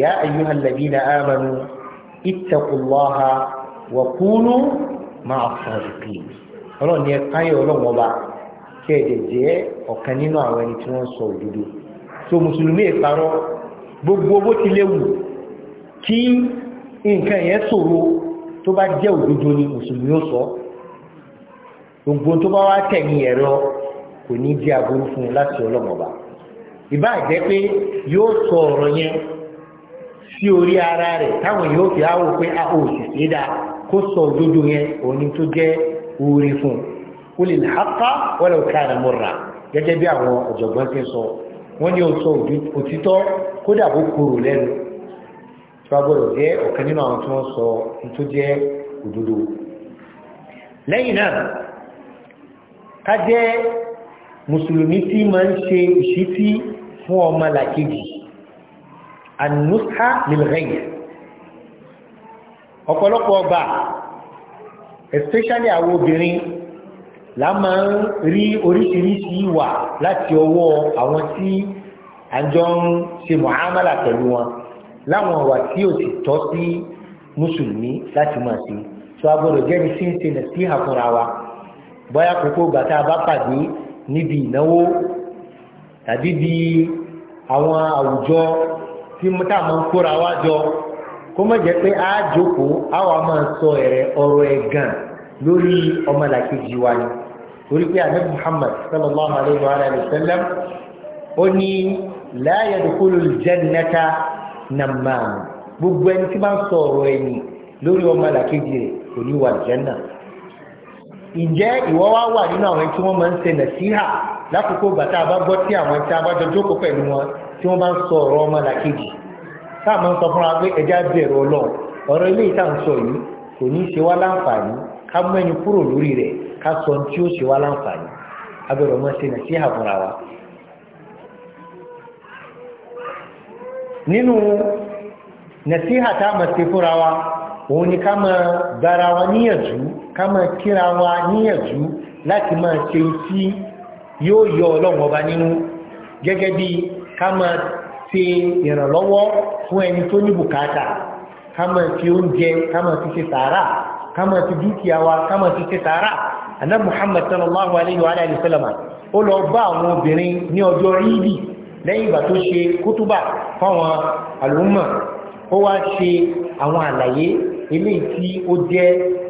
ya ayyuhal wa kunu máa sọ̀rọ̀ pé ọlọ́run ni ẹ káyọ̀ ọlọ́run ọba kí lè jẹ́ ọ̀kan tí wọ́n sọ òdodo so mùsùlùmí ìparọ́ gbogbo owó ti léwu kí nǹkan yẹn tó bá jẹ́ òdodo ni mùsùlùmí ó sọ gbogbo tó bá wá tẹ̀yìn ẹ̀rọ kò ní jẹ́ aburú fún un láti ọlọ́run ọba ìbá jẹ́ pé yóò sọ ọ̀rọ̀ yẹn sí orí ara rẹ̀ a ah, ò sì ṣe dáa kó sọ òdodo yẹn òní tó jẹ́ oore fún kó lè lápá wọ́lẹ̀ òkè àdàmọ́ra gẹ́gẹ́ bí àwọn ọ̀jọ̀gbọ́n ti sọ wọ́n ní òtọ́ òtítọ́ kódà bó korò lẹ́nu tí wọ́n gbọ́dọ̀ jẹ́ ọ̀kan nínú àwọn tí wọ́n sọ tó jẹ́ òdodo lẹ́yìn náà ká jẹ́ mùsùlùmí tí máa ń ṣe ìṣítí fún ọmọ làkejì ànúṣà lè rẹ̀yìn ọ̀pọ̀lọpọ̀ ọgbà especially àwọn obìnrin la máa ń rí oríṣiríṣi ìwà láti ọwọ́ àwọn tí àjọ ń ṣe mọ̀hámàlà pẹ̀lú wọn láwọn ọ̀wà tí ò sì tọ́ sí mùsùlùmí láti máa ṣe tó a gbọ́dọ̀ jẹ́ni sí ń ṣe nà sí àfúnra wa bóyá kókó ìgbà tá a bá pàdé níbi ìnáwó tàbí bí àwọn àwùjọ tí táwọn ń kóra wá jọ kó má jẹ́ pé a jókòó a wà máa sọ ẹ̀rẹ̀ ọ̀rọ̀ ẹ̀gàn lórí ọmọlàkejì wa ni torí pé ànábì Muhammad sallallahu alayhi wa sallam ó ní la yadkhulul jannata namam gbogbo ẹni tí bá ń sọ ọ̀rọ̀ ẹ̀yìn lórí ọmọlàkejì rẹ̀ kò ní wà jẹ́nà ǹjẹ́ ìwọ wá wà nínú àwọn tí wọ́n máa ń ṣe nàṣíhà lákòókò bàtà bá tí àwọn tí a jókòó pẹ̀lú wọn tí wọ́n bá ń sọ ọ̀rọ̀ ọmọlàkejì táà máa ń sọ fúnra pé ẹja bẹ̀rù ọlọ́run ọ̀rọ̀ ilé ìta ń sọ yìí kò ní í ṣe wá láǹfààní ká mẹ́ni kúrò lórí rẹ̀ ká sọ tí ó ṣe wá láǹfààní abẹ́rẹ́ ọmọ ṣe nà sí àbúrà wa. nínú nàṣíhà tá a máa ṣe fúnra wa òun ni ká máa gbára wa níyànjú ká máa kíra wa níyànjú láti máa ṣe tí yóò yọ ọlọ́run ọba nínú gẹ́gẹ́ bí ká máa ṣe ìrànlọ́wọ́ fún ẹni tó ní bùkátà ká máa fi oúnjẹ ká máa fi ṣe sàárà ká máa fi dúkìá wa ká máa ṣe sàárà aná Muhammad sallallahu alayhi wa alayhi wa sallam ó lọ bá àwọn obìnrin ní ọjọ́ ìdí lẹ́yìn ìgbà tó ṣe kútúbà fáwọn àlùmọ̀ ó wá ṣe àwọn àlàyé eléyìí tí ó jẹ́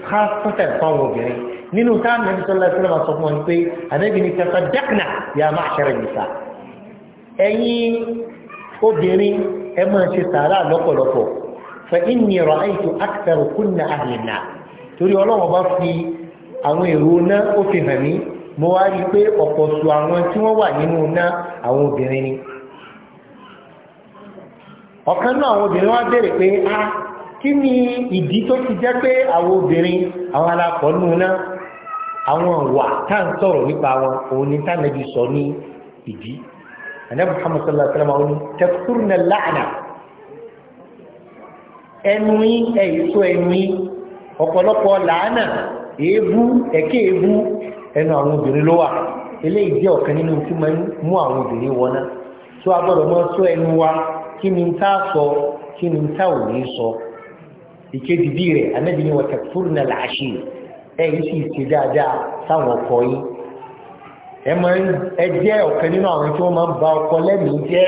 káfíńtà fáwọn obìnrin nínú táàmì ẹbí sọlá ìṣẹ̀lẹ̀ máa sọ fún wọn pé àdébìnrin kẹta dáknà yà máa ṣẹlẹ̀ nìta ẹ̀yin obìnrin ẹ máa ṣe sàárà lọ́pọ̀lọpọ̀ fa inni a akthar kunna ahli an-nar torí bá fi àwọn èrò náà ó fi hàn mí mo wá rí i pé ọ̀pọ̀ sùn àwọn tí wọ́n wà nínú ni ọ̀kan náà àwọn obìnrin wá pé a kí ni ìdí tó ti jẹ́ pé àwọn obìnrin àwọn alákọ̀ọ́ nínú náà àwọn wà tá à ń sọ̀rọ̀ nípa ni sọ ní ànábì Muhammad sallallahu alaihi wasallam ní tẹkùrùnà láàánà ẹnu yín ẹ̀yíṣọ́ ẹnu yín ọ̀pọ̀lọpọ̀ làánà èébú ẹ̀kẹ́ èébú ẹnu àwọn obìnrin ló wà eléyìí jẹ́ ọ̀kan nínú tí máa ń mú àwọn obìnrin wọná tó a gbọ́dọ̀ mọ́ sọ ẹnu wa kí ni tá a sọ kí ni tá ò ní sọ ìkéde bí rẹ̀ ànábì ní wọ́n tẹkùrùnà làásì ẹ̀yìn sì ṣe dáadáa sáwọn ọkọ yìí ẹ máa ń ẹ jẹ́ ọ̀kan nínú àwọn tí wọ́n máa ń ba ọkọ lẹ́mìí jẹ́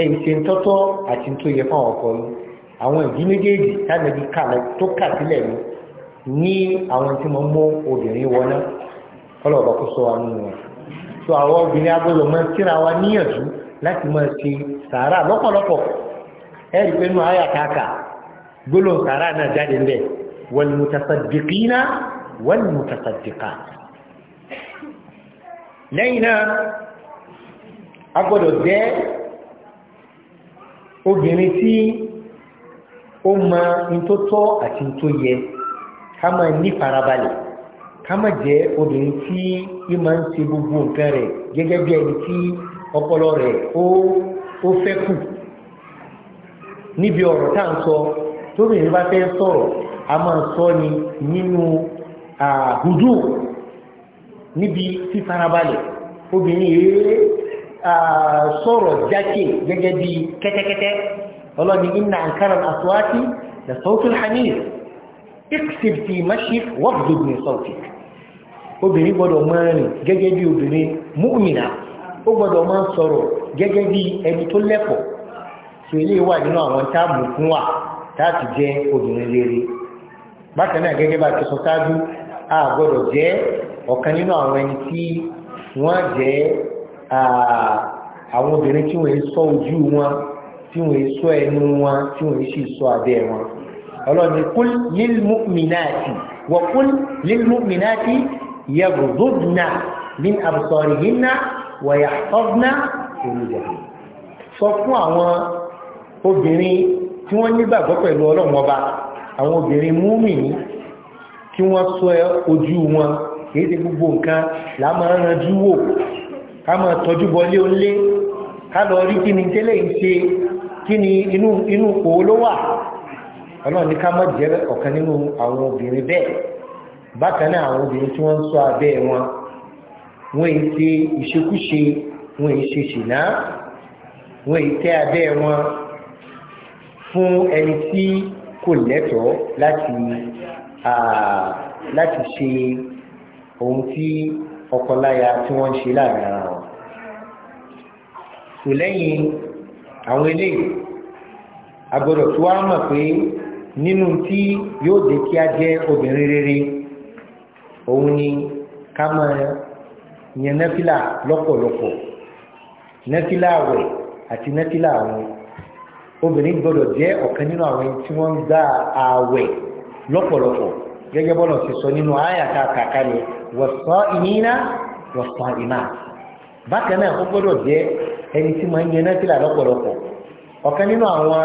ẹ̀yìn ṣe ń tọ́tọ́ àti tó yẹ fún àwọn ọkọ yìí àwọn ìdí méjèèjì tánàbí tó kà sílẹ̀ mi ní àwọn tí mo mú obìnrin wọná kọ́lọ̀ ọ̀bà kó sọ wa nínú wọn tó àwọn obìnrin agbọ́dọ̀ máa ń síra wa níyànjú láti máa ṣe sàárà lọ́pọ̀lọpọ̀ ẹ rí pé inú àyà kàkà gbólóhùn sàárà náà jáde ńbẹ̀ wal mutasaddiqina wal lẹ́yìn náà a je jẹ́ obìnrin tí ó mọ ntótọ́ àti ntóyẹ ká máa ní farabalẹ̀ ká máa jẹ́ obìnrin tí í máa ń ṣe gbogbo nǹkan rẹ̀ gẹ́gẹ́ bí ẹni tí ọpọlọ rẹ̀ ó ó fẹ́ kù níbi ọ̀rọ̀ tá à ń sọ bá fẹ́ sọ̀rọ̀ a máa ni nínú àhùdù. níbi fífarabalẹ̀ obìnrin yìí sọ̀rọ̀ jákè gẹ́gẹ́ bí kẹ́tẹ́kẹ́tẹ́ ọlọ́ni iná àǹkárà àtúwátì da sautul hamid iksib fi mashif wabdud obìnrin gbọ́dọ̀ máa jẹ́ obìnrin rere gẹ́gẹ́ bá ti sọ ọ̀kan nínú àwọn ẹni tí wọ́n jẹ́ àwọn obìnrin tí wọ́n sọ ojú wọn tí wọ́n sọ ẹnu wọn tí wọ́n sì sọ abẹ́ wọn ọlọ́ni kúl lílmùmínáàtì wọ kúl lílmùmínáàtì yẹ̀bùdùdùnà min absarihinna wa yahfazna furujahun sọ fún àwọn obìnrin tí wọ́n nígbàgbọ́ pẹ̀lú ọlọ́run ọba àwọn obìnrin múmìnì tí wọ́n sọ ojú wọn kìí ṣe gbogbo nǹkan là máa ń ranjú wò ká máa tọ́jú bọlé onílé ká lọ rí kí ni tẹ́lẹ̀ ń ṣe kí ni inú inú kò ló wà ọlọ́run ní ká má jẹ́ ọ̀kan nínú àwọn obìnrin bẹ́ẹ̀ bákan náà àwọn obìnrin tí wọ́n ń sọ abẹ́ wọn wọ́n èyí ṣe ìṣekúṣe wọ́n èyí ṣe ṣìnà wọ́n èyí tẹ́ abẹ́ wọn fún ẹni tí kò lẹ́tọ̀ọ́ láti ṣe ohun tí ọkọláya tí wọ́n ń ṣe láàrin ara wọn tòlẹ́yìn àwọn eléyìí agbọ́dọ̀ tí wọ́n á mọ̀ pé nínú tí yóò jẹ́ kí a jẹ́ obìnrin rere òun ni ká máa yẹn nẹ́fìlà lọ́pọ̀lọpọ̀ nẹ́fìlà àwẹ̀ àti nẹ́fìlà àwọn obìnrin gbọ́dọ̀ jẹ́ ọ̀kan nínú àwọn tí wọ́n ń gba ààwẹ̀ lọ́pọ̀lọpọ̀ gẹ́gẹ́ bọ́lọ̀ ti sọ nínú àyà tá a was-sa'imina was-sa'imat bákan náà ó gbọ́dọ̀ jẹ́ ẹni tí máa ń yẹn náà sílà lọ́pọ̀lọpọ̀ ọ̀kan nínú àwọn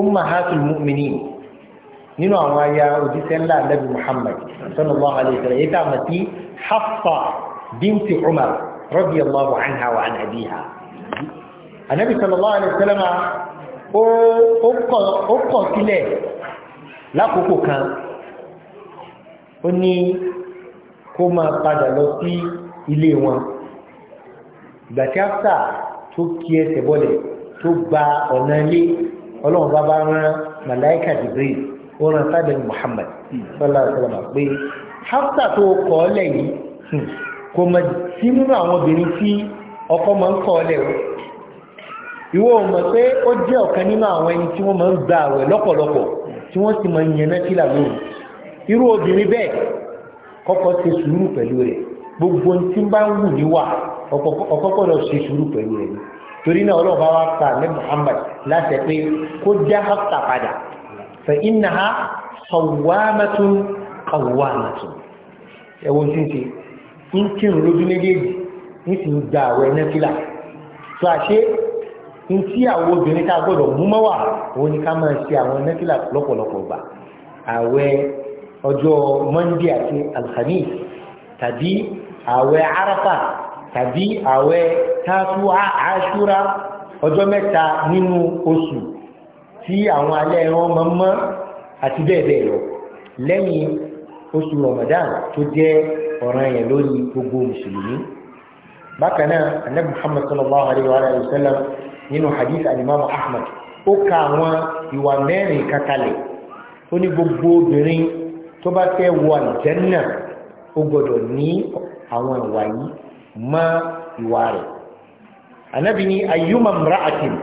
ummahatul mu'minin nínú àwọn aya òjíṣẹ́ ńlá nabi muhammad sallallahu alayhi wa sallam yìí tá a mọ̀ sí hafsa binti umar radiyallahu anha wa an abiha anabi sallallahu alayhi sallam ó kọ̀ sílẹ̀ lákòókò kan ó ní kó máa padà lọ sí ilé wọn gbàtí áfítà tó kí ẹsẹ̀ bọ́lẹ̀ tó gba ọ̀nà ilé ọlọ́run bá bá rán màláìkà Jibril ó rán sábẹ̀ Muhammad sallallahu alaihi wasallam pé áfítà tó kọ́ ọ́lẹ̀ yìí hmm, kò mọ̀ sí nínú àwọn obìnrin tí ọkọ máa ń kọ́ ọ́lẹ̀ o ìwọ ò mọ̀ pé ó jẹ́ ọ̀kan nínú àwọn ẹni tí wọ́n máa ń gba àwẹ̀ lọ́pọ̀lọpọ̀ tí wọ́n sì máa ń yẹn náà sílà lóru irú obìnrin bẹ́ẹ̀ kọ́kọ́ ṣe sùúrù pẹ̀lú rẹ̀ gbogbo tí ń bá ń wù ní wà ọ̀kọ́kọ́ lọ ṣe sùúrù pẹ̀lú rẹ̀ torí náà ọlọ́run bá pa ní Muhammad láti pé kó já hafta padà fa innaha sawwamatun qawwamatun ẹ̀wọ̀n tí ń ṣe ń kírun lójú méjèèjì ń sì ń gba àwẹ̀ nẹ́fìlà tó àṣé ń tí àwọn obìnrin ká gbọ́dọ̀ mú mọ́wà òun ni ká máa ṣe àwọn nẹ́fìlà lọ́pọ̀lọpọ̀ gbà àwẹ̀ ọjọ́ mọ́ndé àti alhamis tàbí àwẹ̀ arafa tàbí àwẹ̀ tásúà àṣúra ọjọ́ mẹ́ta nínú oṣù tí àwọn alẹ́ ẹran máa ń mọ́ àti bẹ́ẹ̀ bẹ́ẹ̀ lọ lẹ́yìn oṣù ramadan tó jẹ́ ọ̀ràn yẹn lórí gbogbo mùsùlùmí bákan náà anabi muhammad sallallahu alayhi wa sallam nínú hadith alimami ahmad ó ka àwọn ìwà mẹ́rin kankalẹ̀ ó ní gbogbo obìnrin tó bá fẹ́ wọ àlìjẹ́nà ó gbọ́dọ̀ ní àwọn ìwà yìí mọ́ ìwà rẹ̀ anábì ní ayyuma mra'atin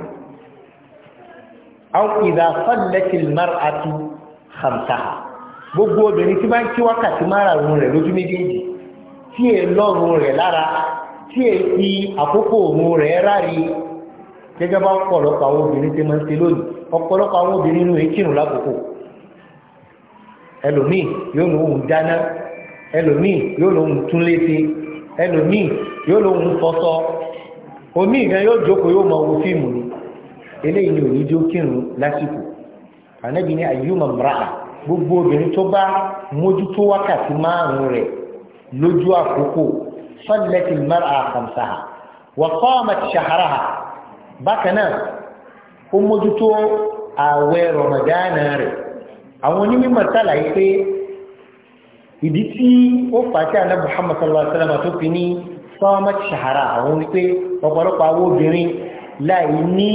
aw idha fallat al-mar'atu khamsaha gbogbo obìnrin tí bá ń kí wákàtí márààrún rẹ̀ lójú méjèèjì tí è lọ́rùn rẹ̀ lára tí è fi àkókò òun rẹ̀ rárí gẹ́gẹ́ bá ọ̀pọ̀lọpọ̀ àwọn obìnrin tí máa ń ṣe lónìí ọ̀pọ̀lọpọ̀ àwọn obìnrin inú ìkírun lákòókò ẹlòmíì yóò lóun dáná ẹlòmíì yóò lóun tún létí ẹlòmíì yóò lóun fọṣọ omi ìgbà yóò jókòó yóò mọ owó fíìmù ni eléyìí ni òní jó kírun lásìkò ànábì ní àyùmọ̀ mìíràn gbogbo obìnrin tó bá mójútó wákàtí márùn rẹ̀ lójú àkókò sọ́lẹ̀tì mara àkàmsà wàkọ́ọ̀mà ti ṣàhárà bákan náà ó mójútó ààwẹ̀ rọ̀mọ̀dánà rẹ̀ àwọn onímọ̀ sàlàyé pé ìdí tí ó fàájì àná Muhammad sallallahu alaihi wasallam tó fi ní sọ́ọ́mọ́ ṣàhárà àwọn wípé ọ̀pọ̀lọpọ̀ àwọn obìnrin láì ní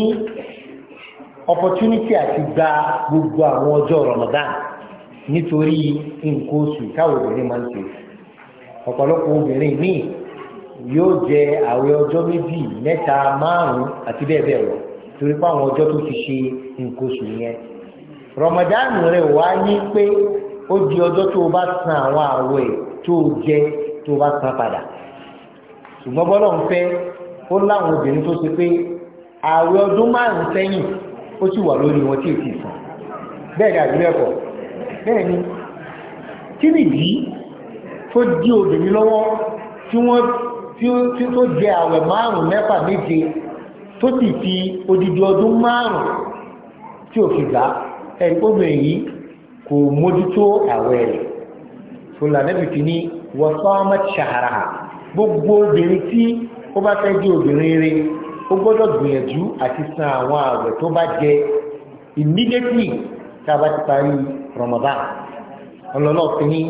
opportunity àti gba gbogbo àwọn ọjọ́ Ramadan nítorí nǹkan oṣù táwọn obìnrin máa ń ṣe ọ̀pọ̀lọpọ̀ obìnrin míì yóò jẹ àwẹ̀ ọjọ́ méjì mẹ́ta márùn-ún àti bẹ́ẹ̀ bẹ́ẹ̀ lọ torí pé àwọn ọjọ́ tó ti ṣe nǹkan oṣù yẹn rọmọdánù rẹ wá ní pé ó di ọjọ́ tó o bá san àwọn àwẹ̀ tó o jẹ tó o bá san padà ṣùgbọ́n bọ́lá ń fẹ́ ó láwọn obìnrin tó ṣe pé àwẹ̀ ọdún márùn-ún sẹ́yìn ó sì wà lórí wọn tí ì ti sàn bẹ́ẹ̀ ni àbí bẹ́ẹ̀ kọ́ bẹ́ẹ̀ ni kí nìdí tó dí obìnrin lọ́wọ́ tí wọ́n tí tó jẹ àwẹ̀ márùn-ún mẹ́fà méje tó sì fi odidi ọdún márùn-ún tí ò fi gbà ẹ̀kọ́dọ̀ èyí kò mójútó àwẹ̀ rẹ̀ fúnla nẹ́bì fi ní wọ́sọ́mọ́ ṣàhàrà gbogbo obìnrin tí ó bá fẹ́ jẹ́ obìnrin rere ó gbọ́dọ̀ gbìyànjú àti san àwọn àwẹ̀ tó bá jẹ immediately tá a bá ti parí Ramadan ọlọ́lọ́ fi ní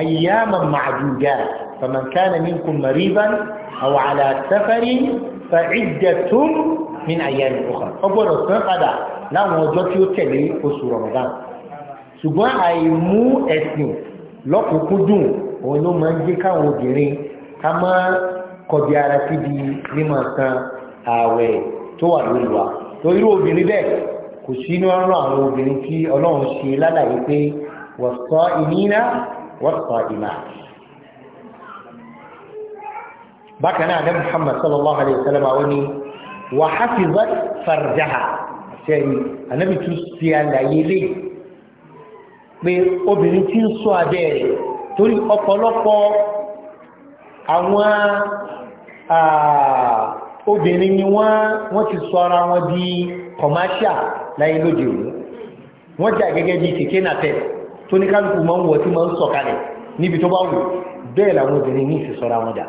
ayyaman ma'dudat faman kana minkum mariban aw fa iddatun min ayyamin ukhra ó gbọ́dọ̀ láwọn ọjọ́ tí ó tẹ̀lé oṣù rọ̀mọ̀dán ṣùgbọ́n àìmú ẹ̀sìn lọ́kùnkúndùn òun ló máa ń jẹ́ káwọn obìnrin ká máa kọbi ara síbi mímọ̀ san ààwẹ̀ tó wà lórí wa tó irú obìnrin bẹ́ẹ̀ kò sí inú ọ̀rọ̀ àwọn obìnrin tí ọlọ́run ṣe lálàyé pé wọ́n sọ ìnira wọ́n sọ ìmà bákan náà adé muhammad sallallahu alayhi wa sallam àwọn ni wàhásìzọ́ farjaha sẹ́yìn ànábì tún ṣe àlàyé lé pé obìnrin ti ń sọ abẹ́ rẹ̀ torí ọ̀pọ̀lọpọ̀ àwọn obìnrin ni wọ́n ti sọ ara wọn di kọ̀máṣíà láyé lóde òní wọ́n jà gẹ́gẹ́ bí kèké nàfẹ́ tó ní kálukú máa ń wọ̀ tí máa ń sọ̀kalẹ̀ níbi tó bá wù bẹ́ẹ̀ làwọn obìnrin ní ìsìsọ́ra wọn dà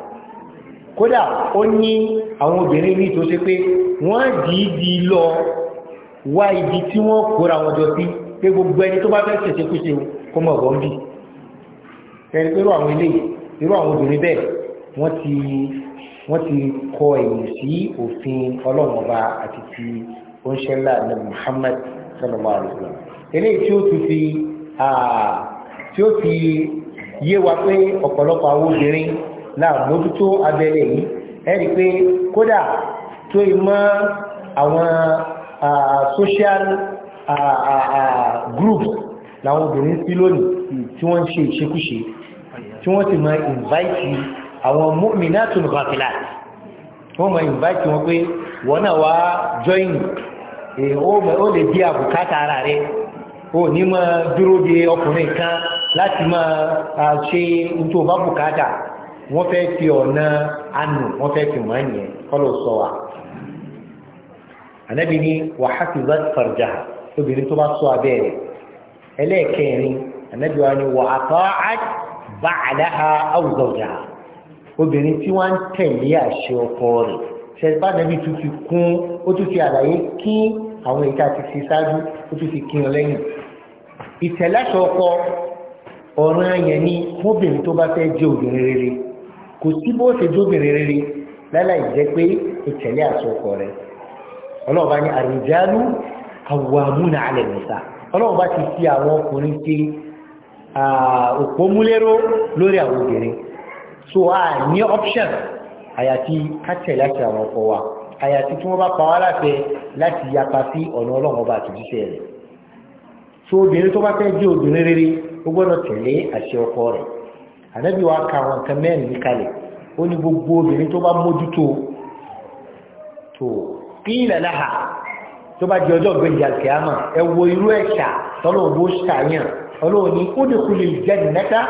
kódà ó ní àwọn obìnrin ní tó pé wọ́n dìídì lọ wá ibi tí wọ́n kóra wọn jọ sí pé gbogbo ẹni tó bá fẹ́ ṣẹ̀ṣẹ̀ kú ṣe kó mọ̀ bọ́ ń bì ẹni pé irú àwọn eléyìí irú àwọn obìnrin bẹ́ẹ̀ wọ́n ti wọ́n ti kọ ẹ̀yìn sí òfin ọlọ́run ọba àti ti oníṣẹ́lá ní Muhammad sallallahu alayhi wa sallam eléyìí tí ó tún fi tí ó fi yé wa pé ọ̀pọ̀lọpọ̀ àwọn obìnrin láàmójútó abẹ́rẹ́ yìí ẹ̀rí pé kódà tó ìmọ̀ àwọn social groups làwọn obìnrin sí lónìí tí wọ́n ń ṣe ìṣekúṣe tí wọ́n sì máa invite àwọn mu'minatul ghafilat wọ́n máa invite wọn pé wọ́n náà wá join e, ó lè di àbùkátà ara rẹ̀ ó ní máa dúró de ọkùnrin kan láti máa ṣe nítorí bá bùkátà wọ́n fẹ́ fi ọ̀nà àánú wọ́n fẹ́ fi wọ́n yẹn kọ́ sọ wa ànábì ní wàhásìbá fàrjà obìnrin tó bá sọ abẹ́ rẹ̀ ẹlẹ́ẹ̀kẹrin ànábì wa ní wà àtọ́ bàálàhà àwùjọjà obìnrin tí wọ́n ń tẹ̀lé àṣẹ ọkọ rẹ̀ ṣẹ̀fà nàbí tún fi kún ó tún fi àlàyé kí àwọn ìta ti fi ṣáájú ó tún fi kín lẹ́yìn ìtẹ̀láṣọ ọ̀ràn yẹn ni fóbìnrin tó bá fẹ́ jẹ́ obìnrin rere kò sí bó ṣe jóbìnrin rere láláì jẹ́ pé ìtẹ̀lé àṣẹ rẹ̀ ọlọ́ọ̀bá ní àrùjálù àwàmúnà alẹ́ nìsa ọlọ́ọ̀bá ti fi àwọn ọkùnrin ṣe òpómúlérò lórí àwọn obìnrin so a ní option àyàfi kátẹ̀ láti àwọn ọkọ wa àyàfi tí wọ́n bá pa wá láfẹ́ láti yapa sí ọ̀nà ọlọ́run ọba àtúnṣe rẹ̀ so obìnrin tó bá fẹ́ jẹ́ obìnrin rere ó gbọ́dọ̀ tẹ̀lé àṣẹ ọkọ rẹ̀ ànábì kílẹ̀ láhà tó bá di ọjọ́ gbẹ̀dì àkíyàmà ẹ wo irú ẹ̀ṣà tọ́lọ̀ bó ṣàyàn ọlọ́run ní ó dẹ̀kú lè jẹ́ nẹ́ta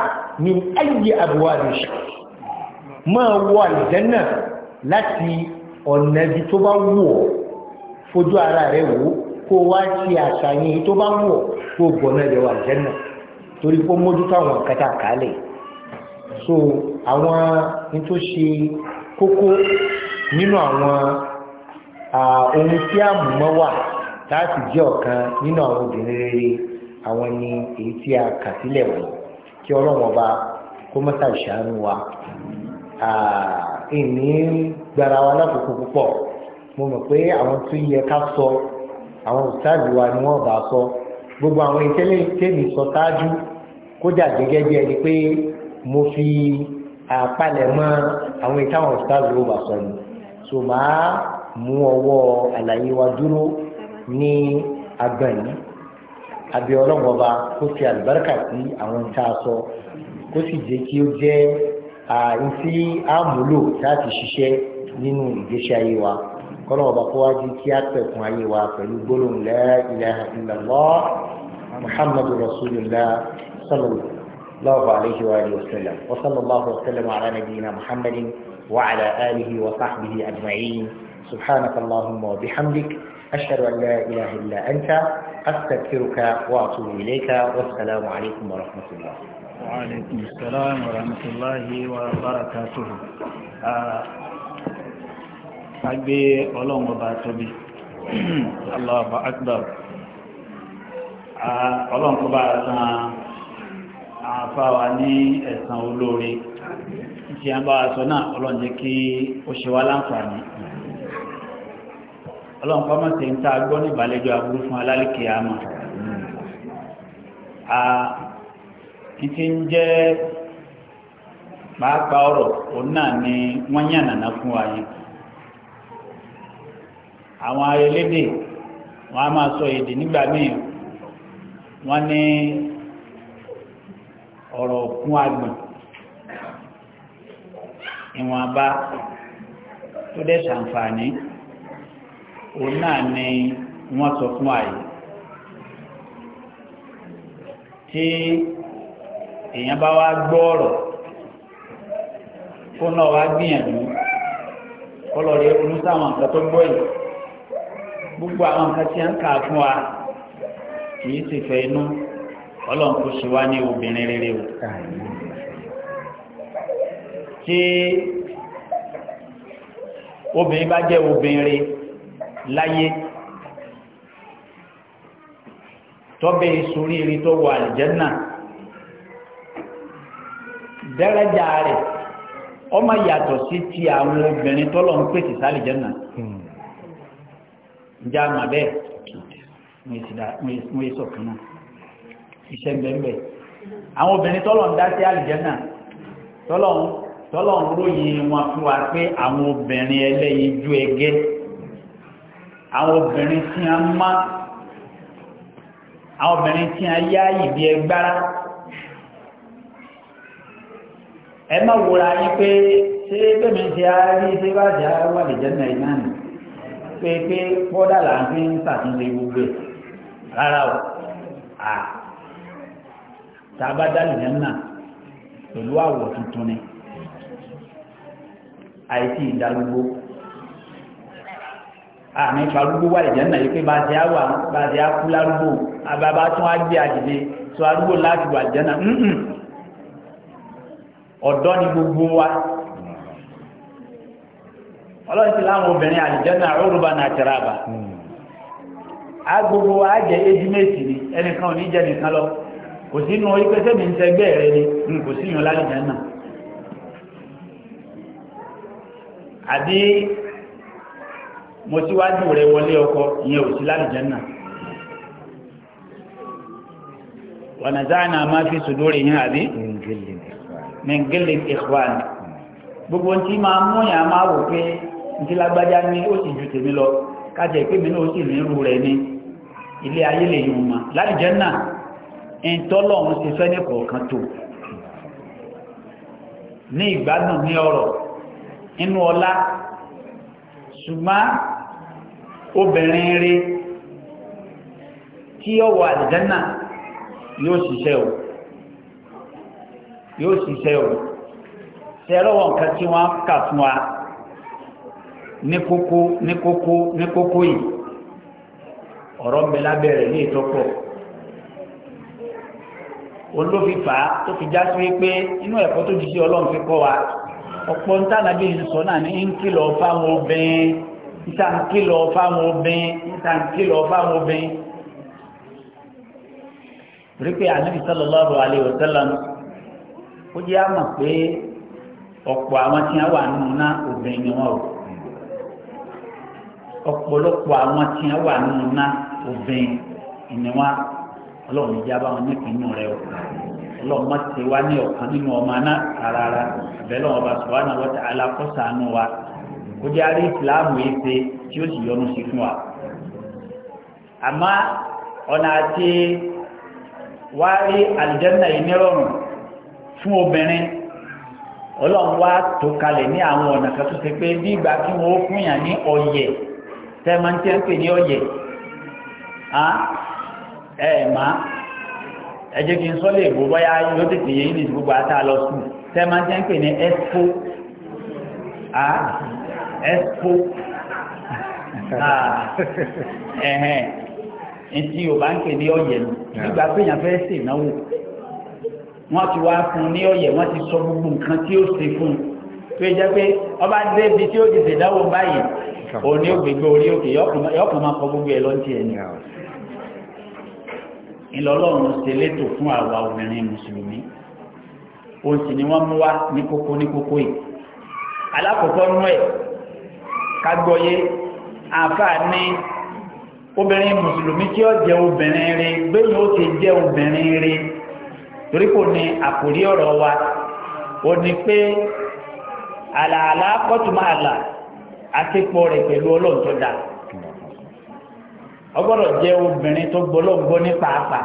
ní ayé àbúwá àdìṣà máa wọ àlìjẹ́nà láti ọ̀nà ibi tó bá wù ọ́ fojú ara rẹ̀ wò kó wá sí àṣàyàn tó bá wù ọ́ kó gbọ́nà ẹ̀rọ àlìjẹ́nà torí pé mójútó àwọn kẹta àkálẹ̀ so àwọn ní tó ṣe kókó nínú àwọn ohun tí àmúmọ́ wà láti jẹ́ ọ̀kan nínú àwọn obìnrin rere àwọn ni èyí tí a kà sílẹ̀ wọ̀ kí ọlọ́run ọba kó mọ́tà ìṣàánú wa ìní gbara wa lákòókò púpọ̀ mo mọ̀ pé àwọn tó yẹ ká sọ àwọn òṣìṣẹ́ wa ni wọ́n bá sọ gbogbo àwọn ìtẹ́lẹ̀ tẹ́mi sọ ṣáájú kódà gẹ́gẹ́ bí ẹni pé mo fi àpalẹ̀mọ́ àwọn ìtàwọn òṣìṣẹ́ wa sọ ni so màá mú ọwọ́ àlàyé wa dúró ní agbọ̀n yìí abẹ ọlọ́run ọba kó fi àlùbáríkà sí àwọn tá a sọ kó sì jẹ́ kí ó jẹ́ àìsí àmúlò láti ṣiṣẹ́ nínú ìgbésí ayé wa kọ́nà ọba kó wá di kí á pẹ̀kun ayé wa pẹ̀lú gbólóhùn la ilaha illallah muhammadu rasulillah sallallahu alayhi wa sallam wa sallallahu wa sallam ala nabiyyina muhammadin wa ala alihi wa sahbihi ajma'in. سبحانك اللهم وبحمدك أشهد أن لا إله إلا أنت أستغفرك وأتوب إليك والسلام عليكم ورحمة الله وعليكم السلام ورحمة الله وبركاته أجبي أولون وباتوبي الله أكبر Ọlọ́run kó bá san àfáwà ní ẹ̀san olóore tí a bá sọ náà Ọlọ́run kí ó ṣe wá láǹfààní ọlọ́run kọ́ mọ̀tẹ́ ń tá a gbọ́ ní ìbàlẹ́jọ́ aburú fún alálìkè àmọ́ a títí ń jẹ́ pàápàá ọ̀rọ̀ òun náà ni wọ́n yàn nàná fún wa yìí àwọn elédè wọ́n á máa sọ èdè nígbà míì wọ́n ní ọ̀rọ̀ òkun àgbọ̀n ìwọ̀nba tó dẹ̀ ṣàǹfààní òun náà ni wọ́n sọ fún àyè tí èèyàn bá wá gbọ́ ọ̀rọ̀ kó náà wá gbìyànjú kọlọ̀ rẹ̀ ronú sáwọn nǹkan tó gbọ́ yìí gbogbo àwọn nǹkan tí a kà fún wa kì í sì fẹ́ inú ọlọ́run kò wá ní obìnrin rere o tí obìnrin bá jẹ́ obìnrin rere. láyé tọ́bẹ̀ sórí eré tó wọ àlìjẹ́nà dẹ́rẹ́jà rẹ̀ ọmọ yàtọ̀ sí ti àwọn obìnrin tọ́lọ̀ ń pèsè sálìjẹ́nà àmà bẹ́ẹ̀ mo náà iṣẹ́ àwọn obìnrin ń dá sí ń ròyìn wọn fún wa pé àwọn àwọn obìnrin tí a má àwọn obìnrin tí a yá ìdí ẹgbára ẹ má wòrà yín pé ṣé bẹ́ẹ̀mí ti a rí ṣé bá ti a wà lè jẹ́ nàìjíríà nì pé pé pọ́dà là ń fi gbogbo rárá o à tá a náà pẹ̀lú àwọ̀ tuntun ni àìsí ìdálógbó. àmì ìfarúgbó wà ìjẹ́ náà yìí pé bá ti á wà bá ti á kú lárúgbó àbábá tún á gbé àdìde tó arúgbó láti wà ni gbogbo wa ọlọ́run ti láwọn obìnrin àlìjẹ́ náà náà bà á wa á jẹ ejú ni ẹnìkan ò ní jẹ nìkan lọ kò sí inú mo síwájú rẹ wọlé ọkọ ìyẹn ò sí lálùjánnà wa naza'na ma fi sudurihim àbí min ghillin ikhwan gbogbo ntí máa mú yàn máa wò pé ntí lágbájá ní ó sì ju tèmi lọ kájẹ pé mi náà ó sì nírú rẹ ní ilé ayé lè yùn mà lálùjánnà ìtọ́lọ́run ti fẹ́ ní kọ̀ọ̀kan tó ní ìgbádùn ní ọ̀rọ̀ inú ọlá ṣùgbọ́n obìnrin rí tí ó wà àdìjánà yóò ṣiṣẹ́ o yóò ṣiṣẹ́ o ṣe ẹlọ́wọ́ nǹkan tí wọ́n kà fún wa ní kókó ní kókó ní kókó yìí ọ̀rọ̀ ń bẹ lábẹ́rẹ̀ ní ìtọ́pọ̀ olófìfà tó fi já sí pé inú ẹ̀kọ́ tó jíṣẹ́ ọlọ́run fi kọ́ wa ọ̀pọ̀ ń tànàbí ń sọ náà ní ń kìlọ̀ fáwọn obìnrin ìtàǹkìlọ̀ fáwọn obìnrin ìtàǹkìlọ̀ fáwọn obìnrin rí pé ànábì sallallahu alaihi wasallam ó jẹ́ àmọ̀ pé ọ̀pọ̀ àwọn tí wọ́n wà nínú náà obìnrin ni wọ́n o ọ̀pọ̀lọpọ̀ àwọn tí wọ́n wà nínú náà obìnrin ni wọ́n ọlọ́run ìjà bá wọn nípìn inú rẹ o ọlọ́run ti wá ní ọ̀kan nínú ọmọ náà rárá bẹ́ẹ̀ lọ́wọ́ bá sọ wá náà wa. kó jẹ́ àrí ìsìláàmù yìí ṣe tí ó sì yọnu sí fún wa àmọ́ ọ̀nà àti wá rí àlùjànnà yìí nírọ̀rùn fún obìnrin ọlọ́run wá tó kalẹ̀ ní àwọn ọ̀nà kan tó ṣe pé bí ìgbà kí wọ́n fún yàn ní ọ̀yẹ̀ tẹ́ máa ń tẹ́ ń pè ní ọ̀yẹ̀ ẹ má ẹ jẹ́ kí n sọ́lé ìbò bọ́yá yóò tètè yẹ yìí ní gbogbo àtà lọ sùn tẹ́ máa ń tẹ́ ń pè ní ẹ́sìkò expo ah, ẹ̀hẹ̀n ntí o bá ń pè ní ọ̀yẹ̀ nù nígbà pé fẹ́ ṣe ìnáwó wọ́n ti wá fún un ní ọ̀yẹ̀ wọ́n ti sọ gbogbo nǹkan tí ó ṣe fún un tó yẹ jẹ́ pé ọba débi tí ó ti ṣèdánwò báyìí òun orí òkè yọkàn máa kọ gbogbo ẹ̀ lọ́ntì ẹ̀ ìlọlọ́run ṣe fún àwa obìnrin mùsùlùmí òun sì ni wọ́n mú wá ní kókó ní kókó yìí nú ẹ̀ kagbọ́yé àfáà ní obìnrin mùsùlùmí tí ó jẹ́ obìnrin rí gbẹ̀yìn ó ti jẹ́ obìnrin rí torí kò ní àkòrí ọ̀rọ̀ wa ó ní pé àlàálá kọ́tùmọ̀ àlà àtẹ́pọ̀ rẹ̀ pẹ̀lú ọlọ́run tó dáa ọgbọ́dọ̀ jẹ́ obìnrin tó gbọ́lọ́gbọ́ ní pàápàá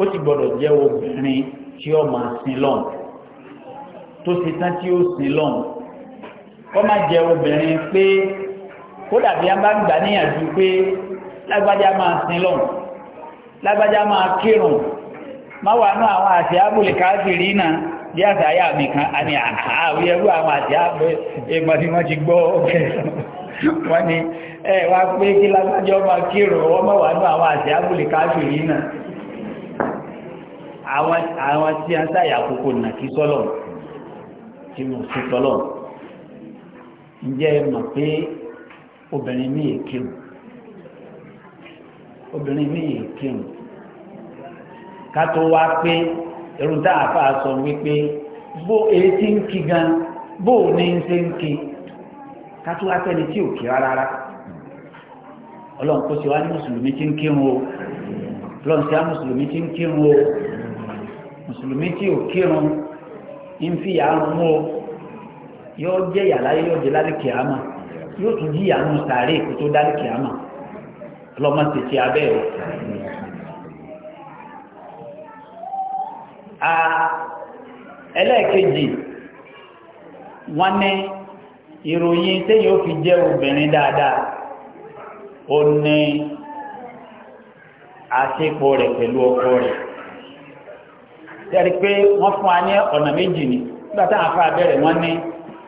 ó ti gbọ́dọ̀ jẹ́ obìnrin tí ó máa sin lọ́n tó ṣe tán tí ó sin lọ́n kọ́ má jẹ obìnrin pé kódà bí a bá ń gbà níyànjú pé lágbájá máa sin lọ́n lágbájá máa kírun má wà ní àwọn àti ábùlì káàkiri náà bí àti àyà mi kan a ní àwòyẹ̀rú àwọn àti ábùlì èèmọ̀ tí wọ́n ti gbọ́ ọ̀kẹ́ wọ́n ni ẹ wá pé kí lágbájá máa kírun wọ́n má wà ní àwọn àti ábùlì káàkiri náà àwọn tí a ń sáyà àkókò nà kí sọ́lọ̀ tí mo sì tọ́lọ̀ ǹjẹ́ ẹ mọ̀ pé obìnrin míì kírun obìnrin míì kírun ká tó wá pé irun tá a fà sọ wípé bó etí ń kí gan bó ní ń ṣe ń kí ká tó wá tí ò kí rárá ọlọ́run wá ní mùsùlùmí tí o ọlọ́run wá mùsùlùmí o mùsùlùmí tí ò kírun ń yóò jẹ́ yàrá yóò jẹ́ lálẹ́ kìámà yóò tún jí ìyànú sàárè kó tó dálẹ́ kìámà lọ́mọ tètè abẹ́ rẹ̀. ẹlẹ́ẹ̀kejì wọ́n ní ìròyìn fi jẹ́ obìnrin dáadáa ó ní àṣepọ̀ rẹ̀ pẹ̀lú ọkọ rẹ̀ tẹ́rí pé wọ́n fún wa ní ọ̀nà méjì ni nígbà táwọn ní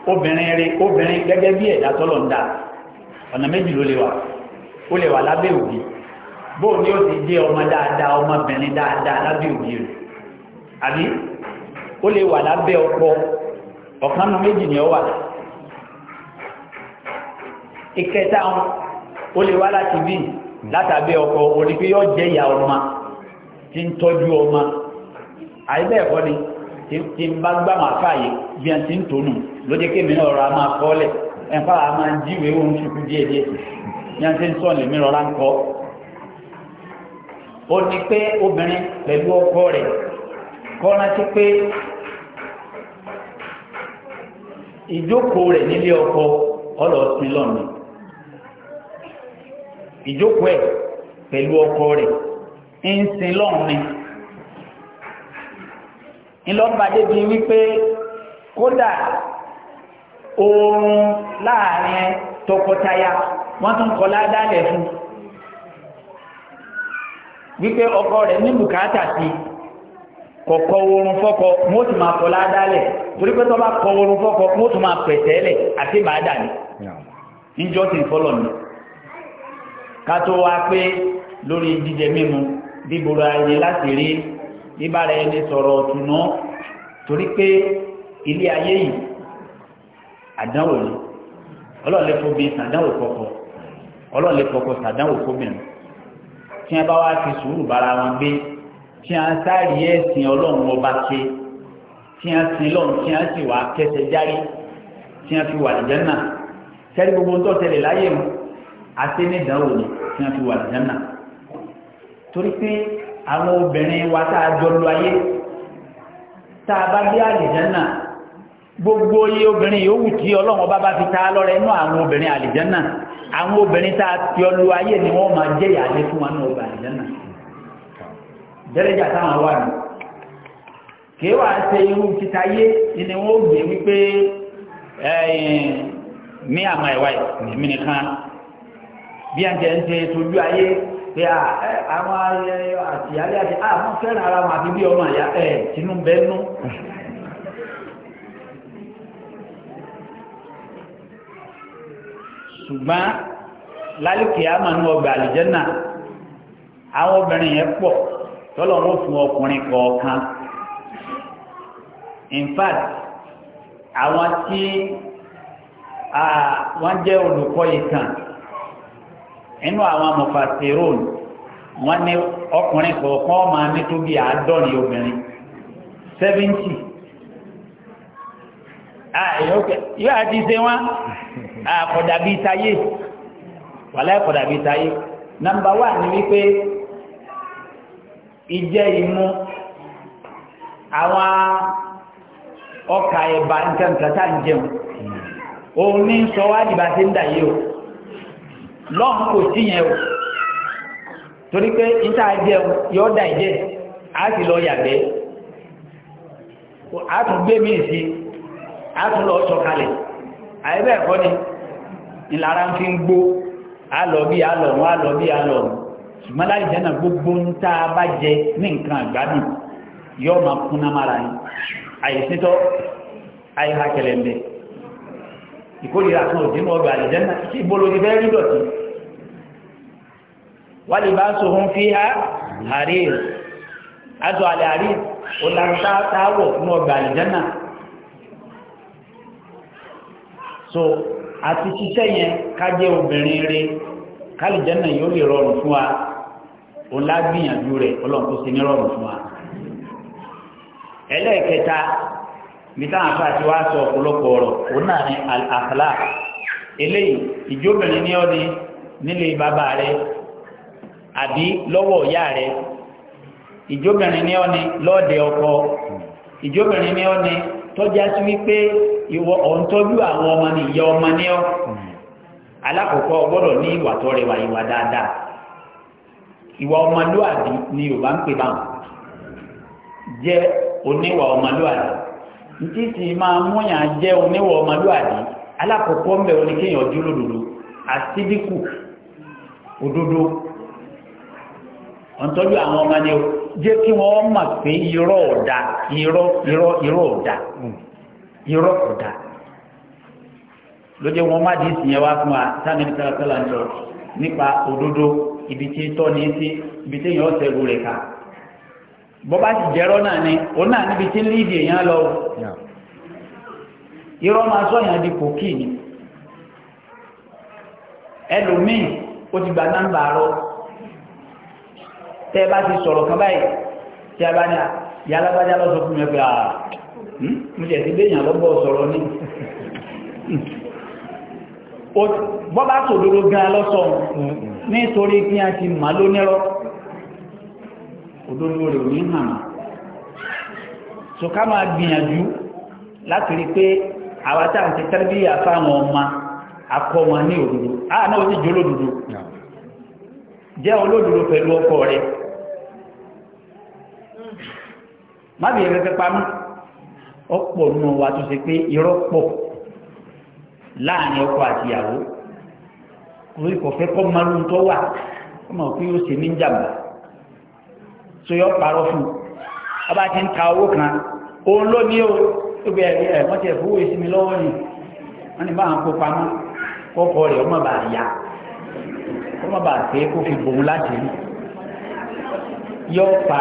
obìnrin rí obìnrin gẹ́gẹ́ bí ẹ̀dá tọ́lọ̀ ń ọ̀nà méjì ló lè wà ó lè wà lábẹ́ òbí bóò ní ó ti dé ọmọ dáadáa ọmọbìnrin dáadáa lábẹ́ òbí rẹ̀ àbí ó lè wà lábẹ́ ọkọ ọ̀kanú méjì ni ọ wà ìkẹta ó lè wá láti bí ọkọ onípe yóò jẹ́ ìyá ọmọ tí ń tọ́jú ọmọ àìbẹ́ẹ̀kọ́ ni tí ń bá gbàmọ̀ àfáàyè bí a ti ń tónù ló jẹ́ kí mìíràn ọ̀rọ̀ a máa kọ́ọ́lẹ̀ ẹ̀fà a máa jíwe ohun ṣùkú díẹ̀ díẹ̀ bí a ti ń sọ̀lẹ̀ mìíràn ọ̀rá ń kọ́ ó ní pé obìnrin pẹ̀lú ọkọ rẹ̀ kọ́ rántí pé ìjókòó rẹ̀ nílé ọkọ ọlọ́ọ̀sìn lọ́nà ìjókòó ẹ̀ pẹ̀lú ọkọ rẹ̀ ń sin lọ́nà ńlọ́ba débi wípé kódà oorun láàrin tọkọtaya wọ́n tún ládàlẹ̀ fún wípé ọkọ rẹ̀ ní bùkátà sí kọ̀kọ́ oorun fọ́kọ wọ́n tún máa torí pé tó bá kọ́ oorun fọ́kọ wọ́n tún máa pẹ̀tẹ́lẹ̀ àti màádà ni sì fọ́lọ̀ lórí jíjẹ mímu ẹni láti rí bíbára ilé ayé yìí àdánwò ni ọlọ́ọ̀lẹ́ fọ́bi sàdánwò kọ̀kọ̀ ọlọ́ọ̀lẹ́ kọ̀kọ̀ sàdánwò fọ́bìnrin tí a bá wá fi sùúrù bára wọn gbé tí a sáré ẹ̀sìn ọlọ́run ọba ṣe tí a sin lọ́run tí a sì wá kẹsẹ̀ járí tí a fi wà lìjánà sẹ́rí gbogbo ń tọ́tẹ̀lẹ̀ láyé mu àti ní ìdánwò ni tí a fi wà lìjánà torí pé àwọn obìnrin wa tá a jọ lu ayé tá a bá bí àlìjánà gbogbo iye obìnrin yòówù tí ọlọ́run ọba bá fi ta lọ́rẹ inú àwọn obìnrin àlìjẹ́nà àwọn obìnrin tá a ti ọlú ayé ni wọ́n máa jẹ́ ìyàlẹ́ fún wọn ní ọba àlìjẹ́nà dẹ́rẹ́jà táwọn wà ní kéwà ṣe irú títa yé ni wọ́n gbé wípé ní àmà ìwà ìmì nìkan bí a ń jẹ́ ń ṣe tójú ayé pé àwọn àtìyálé àti àwọn fẹ́ràn ara wọn àti bí ọmọ àyà ẹ̀ nú ṣùgbọ́n lálùkì àmà ọgbà àlìjẹ́nà àwọn obìnrin yẹn pọ̀ tọ́lọ́wọ́ fún ọkùnrin kọ̀ọ̀kan in fact àwọn tí wọ́n jẹ́ olùkọ́ ìtàn inú àwọn mọ̀fàṣẹ́rọ́n wọ́n ní ọkùnrin kọ̀ọ̀kan máa ní tó bí àádọ́rin obìnrin seventy yóò àti ṣe àkọ̀dà bíi táyé wàlá àkọ̀dà bíi táyé wà ní wípé ìjẹ ìmu àwọn ọkà ẹ̀bà nǹkan ń jẹun òun ní sọ wá ń dà yìí o lọ́n kò sí yẹn o torí pé níta jẹun yọ dà ìjẹ a sì lọ yàgbẹ́ tún gbé sí ìlara ń fi ń gbó alọ̀ bí alọ̀ wọn alọ̀ bí alọ̀ ṣùgbọ́n láì jẹ́ náà gbogbo ń tá a bá jẹ ní nǹkan àgbádùn yóò máa kúnná mara yín àyèsítọ́ àyíká kẹlẹ̀mbẹ̀ ìkórìíra kan òdì náà ọgbà àlìjẹ́ náà ìbolo ti àti ṣiṣẹ́ yẹn ká jẹ́ obìnrin rí kálìjánà yóò lè rọrùn fún wa òun lágbìyànjú rẹ̀ ọlọ́run tó ṣe ní rọrùn fún wa ẹlẹ́ẹ̀kẹta níta àfa àti wá sọ ọ̀pọ̀lọpọ̀ ọ̀rọ̀ òun náà ní àkàlà eléyìí ìjóbìnrin ní ọ́ni nílé bàbá rẹ àbí lọ́wọ́ ìyá rẹ ìjóbìnrin ní ọ́ni lọ́ọ̀dẹ ọkọ ìjóbìnrin ní ọ́ni tọ́já sí wípé ìwọ ọ̀ntọ́jú àwọn ọmọ ní ìyá ọmọ ní ọ́ alákọ̀ọ́kọ́ gbọ́dọ̀ ní ìwà tó rẹwà ìwà dáadáa ìwà ọmọlúwàbí ni yorùbá ń pè báwọn jẹ́ oníwà ọmọlúwàbí ntí sì máa múyàn jẹ́ oníwà ọmọlúwàbí alákọ̀ọ́kọ́ ń bẹ̀ wọn ni kéèyàn ojú lòdòdó àsídìkù òdodo ọ̀ntọ́jú àwọn ọmọ ní ọ́ jẹ́ kí wọ́n mọ̀ pé irọ́ ọ̀dà irọ́ irọ́ irọ́ ọ̀dà hmm. irọ́ ọ̀dà ló jẹ́ wọ́n má di ìsìn yẹn wá fún wa sáni ní kálátálà ń sọ nípa òdodo ibi tí tọ́ ní sí ibi tí èèyàn ọ̀sẹ̀ ru rẹ̀ ká bọ́ bá sì jẹ́rọ́ náà ni òun náà níbi tí líìdì èèyàn lọ irọ́ máa sọ èèyàn di kòkì ni ẹlòmíì ó ti gba nọ́mbà rọ tẹ́ bá ti sọ̀rọ̀ kan báyìí tí a bá ní yàlábájá lọ́sọ fún mi pé àà mú jẹ́ sí béèyàn lọ́gbọ́ sọ̀rọ̀ ní bọ́bá sòdòdó gan lọ́sọ nítorí kí a ti mà lónírọ́ òdòdó rẹ̀ ní hàn so ká máa gbìyànjú láti rí pé àwátá àti tẹ́lẹ̀bíyà fáwọn ọmọ akọ́ wọn ní òdòdó àà náà ó sì jólódòdó jẹ́ olódòdó pẹ̀lú ọkọ rẹ̀ má bí ẹgbẹ́ pẹ́ pamọ́ ọ̀pọ̀ nù wa tó ṣe pé irọ́ pọ̀ láàrin ọkọ àtìyàwó orí kò fẹ́ kọ́ máa lóun tó wà kó mọ̀ yóò ṣe ní jàmbá tó yọ parọ́ fún ọba ti ka owó kan òun ló ní o tó bẹ ti lọ́wọ́ ni wọ́n ní báwọn kó pamọ́ kọ́kọ́ rẹ̀ ọmọ yá ọmọ kó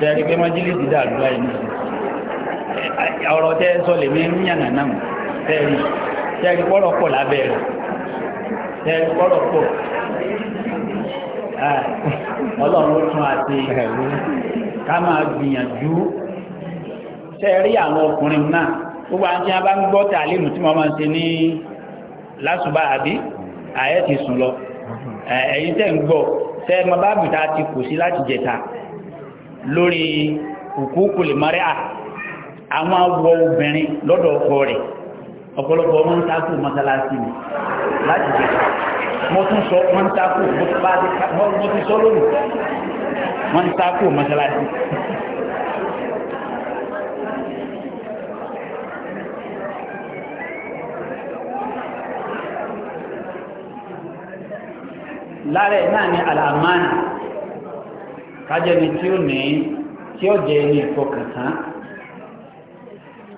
bẹ̀rẹ̀ pé májílì ti dà báyìí ní ọ̀rọ̀ tẹ́ sọ lè mí ń yànnà náà tẹ́rì tẹ́rì pọ́rọ̀ pọ̀ lábẹ́ rẹ̀ tẹ́rì pọ́rọ̀ pọ̀ ah, ọlọ́run ó tún àti ká máa gbìyànjú àwọn ọkùnrin lórí òkúkù lè mọ́rẹ́ à àwọn awọ obìnrin lọ́dọ̀ ọkọ rẹ̀ ọ̀pọ̀lọpọ̀ wọ́n ń takò mọ́sálásí mi láti jẹ́ mo tún sọ wọ́n mọ́sálásí lára ẹ̀ náà ni àlàmánà kájẹni tí ó ní tí ó jẹ ní ìfọkàntán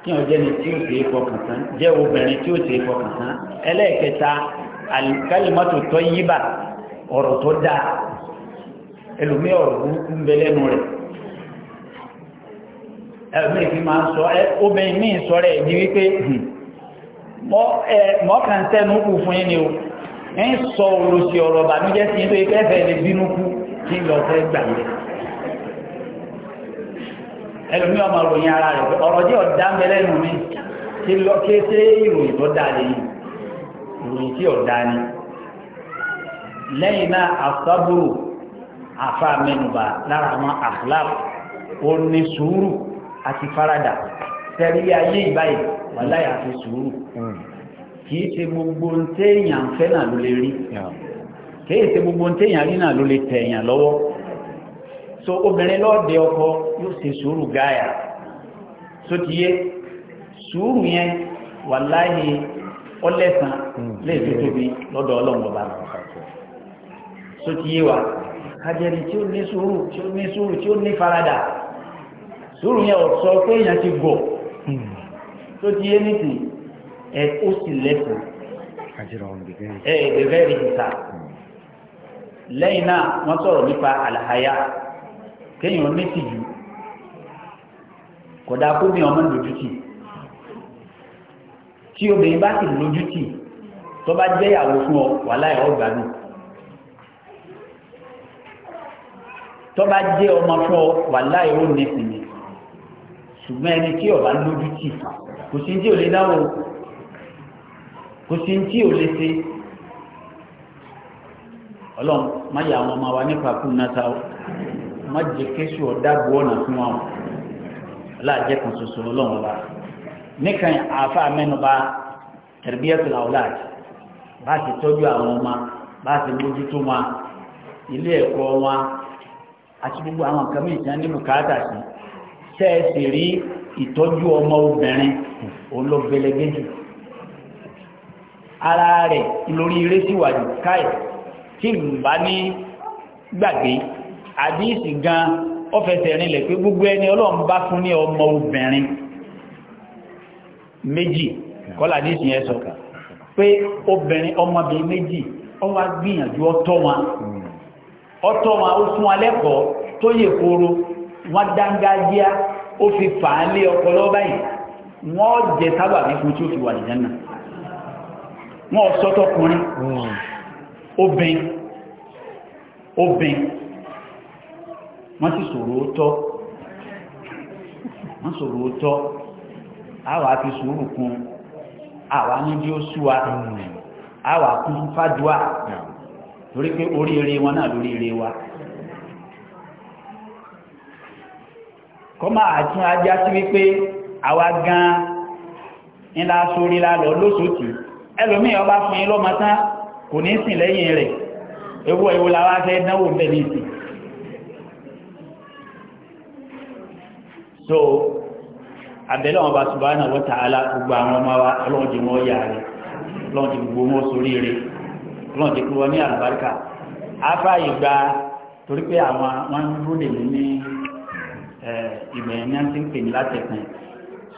tí ó jẹ ní tí ó sì ìfọkàntán jẹ́ obìnrin tí ó sì ìfọkàntán ẹlẹ́ẹ̀kẹta alkalimatu tayyiba ọ̀rọ̀ tó dáa ẹlòmí ọ̀rọ̀ burúkú ń bẹ lẹ́nu rẹ̀ ẹlòmí fi máa ń sọ ẹ obìnrin míì sọ rẹ̀ ní wípé hmm, mọ́kàntẹ́nu kù fún yín ni o ń sọ olùsí ọ̀rọ̀ bàmíjẹ́ sí ilé ìfẹ́fẹ́ lè bínú kú tí lọ fẹ́ gbà yẹ. ẹlòmí ọmọ ròyìn ara rẹ̀ ọ̀rọ̀ jẹ́ ọ̀dá ń bẹ lẹ́nu mi kí lọ kété ìròyìn tó dáa lè yìí ìròyìn tí ọ̀dá ni. lẹ́yìn náà àfábùrù àfa mẹ́nubà lára àwọn àhláp ó ní sùúrù àti faradà tẹ̀lé ayé ìbáyìí wàláyà àti sùúrù hmm. kì í ṣe gbogbo téèyàn fẹ́ náà ló lè rí kìí ṣe gbogbo ń téèyàn rí náà ló lè tẹ lọ́wọ́ so obìnrin lọ́ọ̀dẹ ọkọ yóò ṣe sùúrù gáyà so ti yé sùúrù yẹn wà láàyè ọlẹ́sàn hmm. lè tó tóbi lọ́dọ̀ ọlọ́run ọba tó ti yé wa kájẹni tí ó ní sùúrù tí ó ní sùúrù tí ó ní faradà sùúrù yẹn ò sọ pé èèyàn hmm. ìta lẹ́yìn náà wọ́n sọ̀rọ̀ nípa àlàyé kéèyàn méjìjú kódà kóbi ọmọ lójútì tí obìnrin bá sì lójútì tó bá jẹ́ ìyàwó fún ọ wà láì ọgbà nù tó bá jẹ́ ọmọ fún ọ wà láì ó nẹ́sìnì ṣùgbọ́n ẹni tí ọba lójútì kò sí tí ò lè dáwọ́ kò sí tí ò lè ṣe ọlọ́run ma yà àwọn ọmọ wa nípa kú náta o má jẹ kéṣù ọ̀dàgbò ọ̀nà fún wa o aláàjẹ kan ṣoṣo ọlọ́run ọba nìkan àáfà mẹ́nuba tarbiyatul awlad bá ti tọ́jú àwọn ọmọ bá ti mójútó wọn ilé ẹ̀kọ́ wọn àti gbogbo àwọn nǹkan mìíràn tí wọ́n ní bùkátà sí tẹ́ẹ̀sì rí ìtọ́jú ọmọ obìnrin olóbelege ara rẹ̀ lórí eré síwájú káyìí tí n bá ní gbàgbé àdíìsì gan ọfẹsẹ̀ rinlẹ̀ pé gbogbo ẹni ọlọ́run bá fún ní ọmọ obìnrin méjì kọ́lá àdíìsì yẹn sọ pé obìnrin méjì gbìyànjú ọtọ́ ó fún alẹ́kọ̀ọ́ tó kóró dángájíá ó fi fàálé ọpọlọ wà Obin, obin, wọ́n sì sọ̀rọ̀ ótọ́ wọ́n sọ̀rọ̀ ótọ́ àwa fi sùúrù kún àwa níbi ó súwa àwa kún fájúà torí pé oríire wọn náà lóríire wa kọ́má àtún ajá sí wípé àwa gan-an ńlá sórí lálọ́ lóṣòtì ẹlòmíì ọba fún yín lọ́mọ kò ní sìn lẹ́yìn rẹ̀ ewu ẹ̀wò la wá fẹ́ náwó ń bẹ̀ so abẹ́lẹ́ wọn bá subhanahu wa ta'ala gbogbo àwọn ọmọ wa ọlọ́run jẹ́ wọn yà rẹ̀ ọlọ́run jẹ́ gbogbo wọn sórí rẹ̀ ọlọ́run jẹ́ kí wọ́n ní àlùbáríkà afa torí pé àwọn wọn rúdè ní ìgbà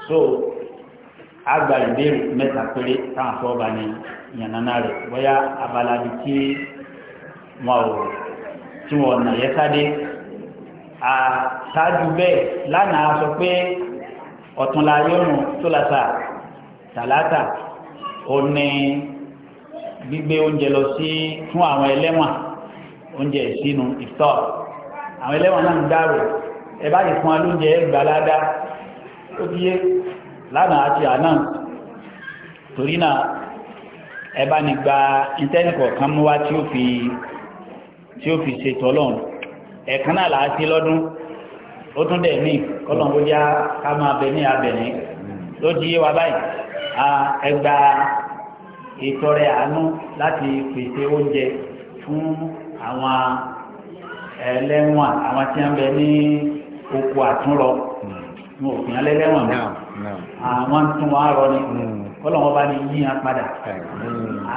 so àgbà ìbéèrè mẹ́ta péré táwọn afọ́ bá ní yànnàná rẹ̀ bóyá abala bi tí wọn ò tí wọn ọ̀nà yẹ sáde àṣáájú bẹ́ẹ̀ lánàá sọ pé ọ̀túnla yọ̀nù tólàṣà tàlátà ó ní gbígbé oúnjẹ lọ sí fún àwọn ẹlẹ́wọ̀n oúnjẹ ìsinu ìtọ́ àwọn ẹlẹ́wọ̀n náà ń dárò ẹ bá lè fún wa lóúnjẹ ẹgbàládá ó bí yé lánàá àti àná torí náà ẹ bá ní gba ìtẹ́nìkọ̀ kan mú wá tí ó fi tí ó fi ṣètò ọlọ́run ẹ̀kan náà làá sí lọ́dún ó tún dẹ̀ ní kọ́lọ̀ ó já ká máa bẹ ní abẹ̀ní ló ti yé wa báyìí ẹ gba ìtọrẹ àánú láti pèsè oúnjẹ fún àwọn ẹlẹ́wọ̀n àwọn tí wọ́n bẹ ní oko àtúnrọ hmm. wọn ò fi àwọn tún wọn rọ ni. Hmm kọ́lọ́wọ́ bá ní yín apadà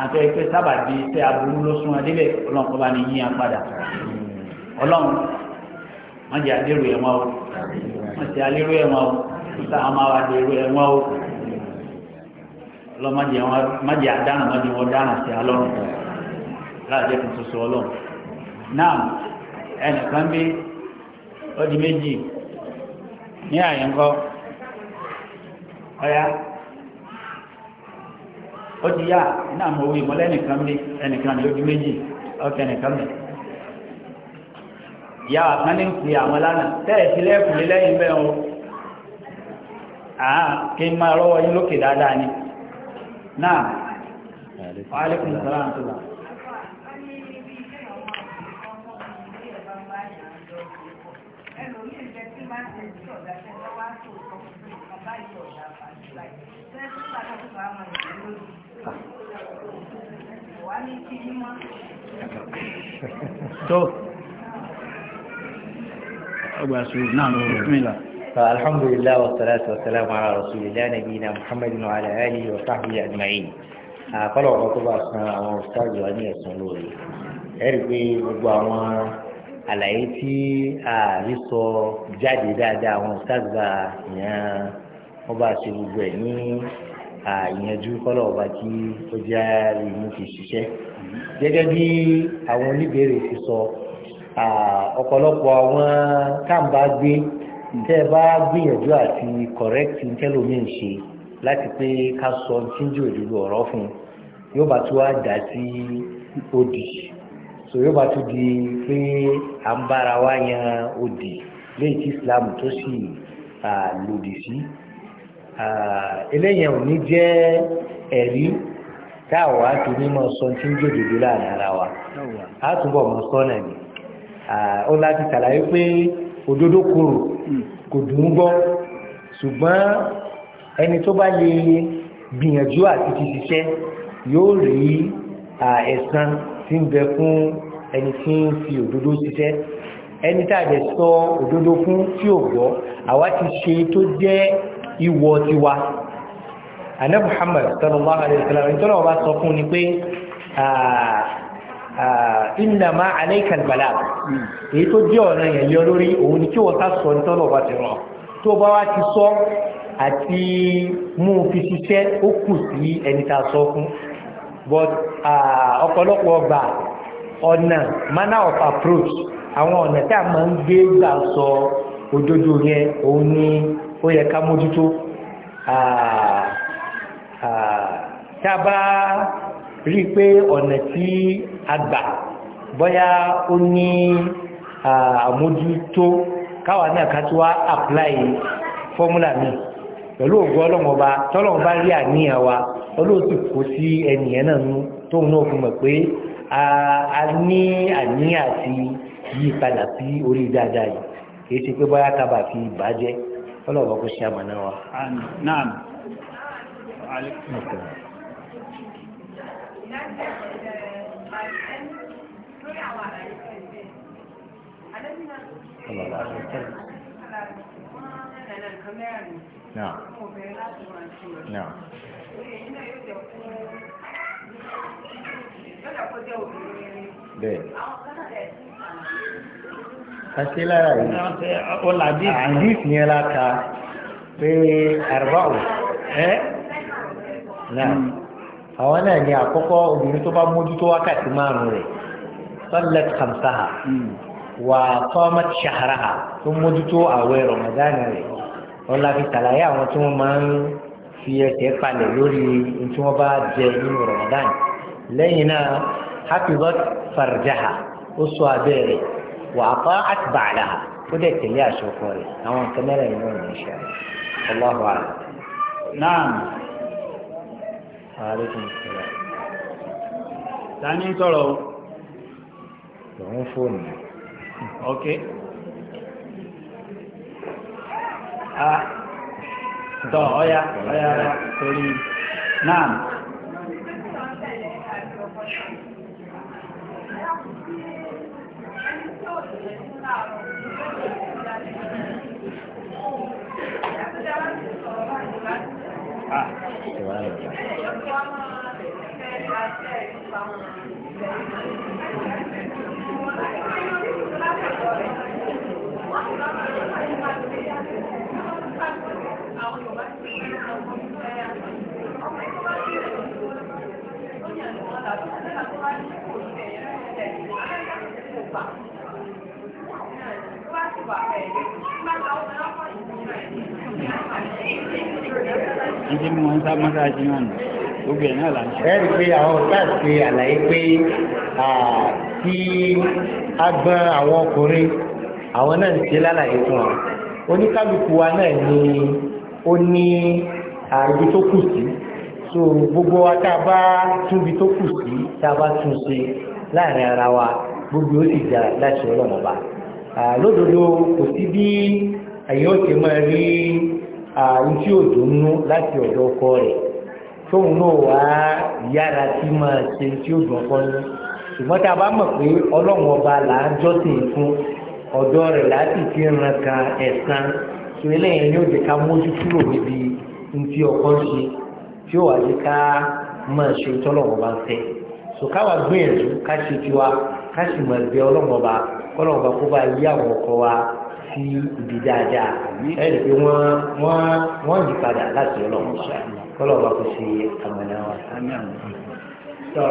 àti ẹgbẹ́ sábà di tẹ aburú ló sún adébẹ̀ ọlọ́wọ́ bá ní yín apadà ọlọ́run wọ́n jẹ́ adérò ẹ̀wọ̀n o wọ́n jẹ́ alérò ẹ̀wọ̀n o níta àwọn máa wà dérò ẹ̀wọ̀n o ọlọ́run má jẹ́ adánà má jẹ́ wọ́n dánà sí alọ́run láàjẹ́ kò soso ọlọ́run náà ẹnìkan bí ọdí méjì ní àyẹ̀ńkọ́ ọ̀yá ó ti yá iná mọ̀ owó ìmọ̀lẹ́ nìkan ní ẹnìkan ní ojú méjì ọkẹ́ nìkan mẹ́ ìyá kan ní ń pè àwọn lánàá tẹ́ẹ̀ sí lẹ́kùn lé lẹ́yìn bẹ́ẹ̀ o àá kí n máa rọ́wọ́ yín lókè dáadáa ni náà wa alaikum salaam tó Thank you tó ọgbà sùúrù náà lọ rẹ̀mílà alhamdulillah wa salatu wa salamu ala rasulillah nabiyina muhammadin wa ala alihi wa sahbihi ajma'in àkọlọ̀ ọ̀rọ̀ tó bá san àwọn ọ̀sáàjù wa ní ẹ̀sùn lórí ẹ̀rí pé gbogbo àwọn àlàyé tí ààrí sọ jáde dáadáa àwọn ọ̀sáàjù wa yẹn wọ́n bá ṣe gbogbo ẹ̀ ní àyànjú kọ́lọ̀ ọba tí ó jẹ́ ìlú fi ṣiṣẹ́ gẹ́gẹ́ bí àwọn oníbèrè ti sọ ọ̀pọ̀lọpọ̀ àwọn káàmbá gbé tẹ́ ẹ bá gbìyànjú àti kọ̀rẹ́kì tẹ́lómi ń ṣe láti pé ká sọ tíjú òdodo ọ̀rọ̀ fún yóò bá tún wá dà sí òdì so yóò bá tún di pé à ń bára wá yan òdì léyìí tí Islam tó sì lòdì sí. Si Ah, eléyìí ò ní jẹ́ ẹ̀rí tá a wà á tún ní mọ̀ sọ tí ń jòjòjò láàrin ara wa á túbọ̀ mọ̀ sọ náà ni ah, ó láti ṣàlàyé pé òdodo korò kò dùn ún gbọ́ ṣùgbọ́n ẹni tó bá lè gbìyànjú àti ti ṣiṣẹ́ yóò rí ah, ẹ̀san tí ń bẹ fún ẹni tí ń fi òdodo ṣiṣẹ́ ẹni tá sọ òdodo fún tí ò gbọ́ àwa ti ṣe tó jẹ́ ìwọ tiwa ànábì Muhammad sallallahu alaihi wasallam ìtọ́lọ̀ ọba sọ fún ni pé inna ma alaikal balag èyí tó jẹ́ ọ̀nà yẹn yọ lórí òun ni kí wọ́n ti rọ̀ tó bá wá ti sọ àti but ọ̀pọ̀lọpọ̀ ọgbà ọ̀nà manner of approach àwọn ọ̀nà tí a máa ń ó yẹ ká mójútó tá a bá rí i pé ọ̀nà tí a gbà bóyá ó ní àmójútó káwa náà ká tí wá apply fọ́múlà mi pẹ̀lú ògùn ọlọ́run ọba tọ́lọ́run bá rí àníyàn wa olóòtú kò sí ẹnìyẹn náà nú tóun náà fi mọ̀ pé a ní àníyàn àti yí padà sí orí dáadáa yìí kì í ṣe pé bóyá kábà fi ọlọ́ọ̀bọ̀ kò ṣe àmàna wa. naam. Náà. Náà. Bẹ́ẹ̀ àti lára yìí àdìs yẹn la ka pé àrùbáwò ẹ́ náà hmm. àwọn náà ní àkọ́kọ́ obìnrin tó bá mójútó wákàtí márùn-ún rẹ̀ sọ́lẹ̀t kàmsáhà hmm. wà tọ́mọ̀tì ṣàhàràhà tó mójútó àwẹ̀ Ramadan rẹ̀ wọn la fi tàlàyé àwọn tí wọ́n máa ń fi ẹsẹ̀ palẹ̀ lórí tí wọ́n bá jẹ nínú Ramadan lẹ́yìn náà hafizat farjaha ó sọ abẹ́ وأطاعت بعلها وديت يا شوفوري أو كاميرا يمون إن شاء الله الله أعلم نعم عليكم السلام ثاني سولو يوم فون أوكي آه. دو أويا أويا سوري نعم 吧。ìdí mọ̀ ń sábà máa ṣe náà gbogbo ẹ̀ náà là ń ṣe. ẹ̀rí pé àwọn ọ̀gáàsì ṣe àlàyé pé tí a gbọ́n àwọn ọkùnrin àwọn náà ń ṣe lálàyé fún wa oníkálukú wa náà ni ó ní àrùbí tó kù sí so gbogbo wa tá a bá túnbi tó kù sí tá a bá tún ṣe láàrin ara wa gbogbo ó sì jà láti ọlọ́mọba lódodo kò sí bí ẹ̀yìn ó ti máa rí àrùn tí ò dùnú láti ọ̀dọ̀ ọkọ rẹ̀ tóun náà wá yára tí máa ṣe tí ó dùn ọkọ ní ṣùgbọ́n tá a bá mọ̀ pé ọlọ́run ọba là ń jọ́sìn fún ọ̀dọ́ rẹ̀ láti fi ràn kan ẹ̀san tó eléyìí ni ó jẹ́ ká mójú kúrò níbi ntí ọkọ ń ṣe tí ó wà ní ká máa ṣe tọ́lọ́run ọba ń fẹ́ so gbìyànjú ká ṣe tiwa ká sì máa bẹ ọlọ́run ọba kọ́nà ọba kó bá yí àwọn ọkọ wa sí ibi dáadáa ẹ̀rí pé wọ́n wọ́n wọ́n yí padà láti ọlọ́run kọ́nà ọba kó ṣe àmàlà wa. tọ́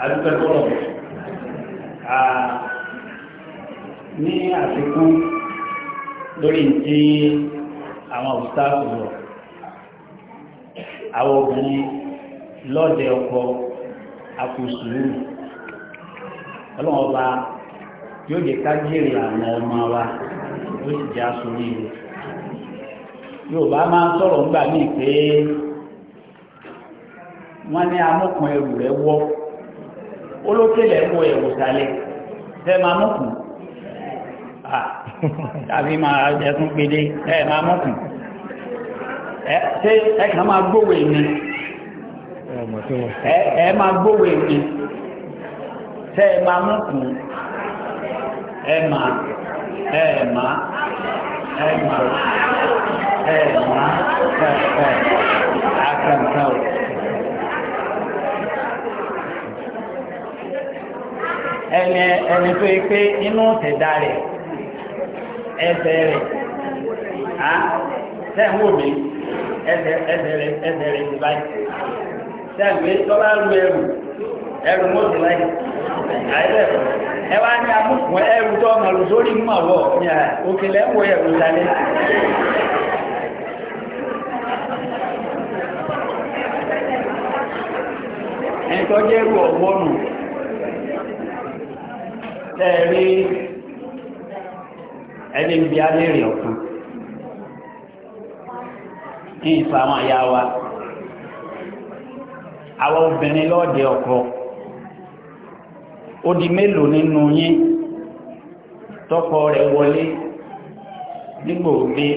àdúgbò tọ́lọ̀ ní àfikún lórí ti àwọn òṣìṣẹ́ ọ̀rọ̀ àwọn obìnrin lọ́dẹ ọkọ akùsùn ọlọ́run ọba yóò jẹ́ ká jèrè àwọn ọmọ wa yóò sì já sórí rẹ̀ yorùbá máa ń sọ̀rọ̀ ńgbà míì pé wọ́n ní amúkùn ẹrù rẹ̀ wọ́ olókèlè mú ẹ̀wù sálẹ̀ tẹ́ máa mọ̀kùn tàbí máa ẹ̀sùn pédé ẹ̀ máa mọ̀kùn ṣé ẹ kàn máa gbówó èmi ẹ máa gbówó èmi tẹ́ máa mọ̀kùn ẹ̀mà ẹ̀mà ẹ̀mà ẹ̀mà ẹ̀fẹ̀ àkàǹkà ò. ẹni ẹni tó yẹ pé inú tẹ̀dá rẹ̀ ẹsẹ̀ rẹ̀ á sẹ́yìn wò mí ẹsẹ̀ ẹsẹ̀ rẹ̀ ẹsẹ̀ rẹ̀ ti báyìí sẹ́yìn pé tọ́lá lu ẹrù. ẹrù mọ́tò láyé àìbẹ̀ ẹ ní amúkùn ẹrù tó sórí mú ń wọ ẹrù lálẹ́ ẹ̀tọ́jẹ́ ẹrù ẹni bí ọ̀kan ní àyà wa àwọn obìnrin ọkọ̀ ó di mélòó nínú yín tọ́kọ rẹ̀ wọlé nígbòógbé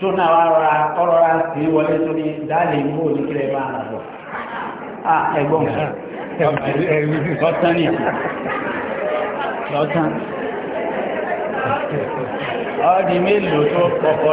tó náà wá ọ̀rọ̀ ra sí wọlé tó ní dáàlì ah ọ̀tán mélòó tó kọkọ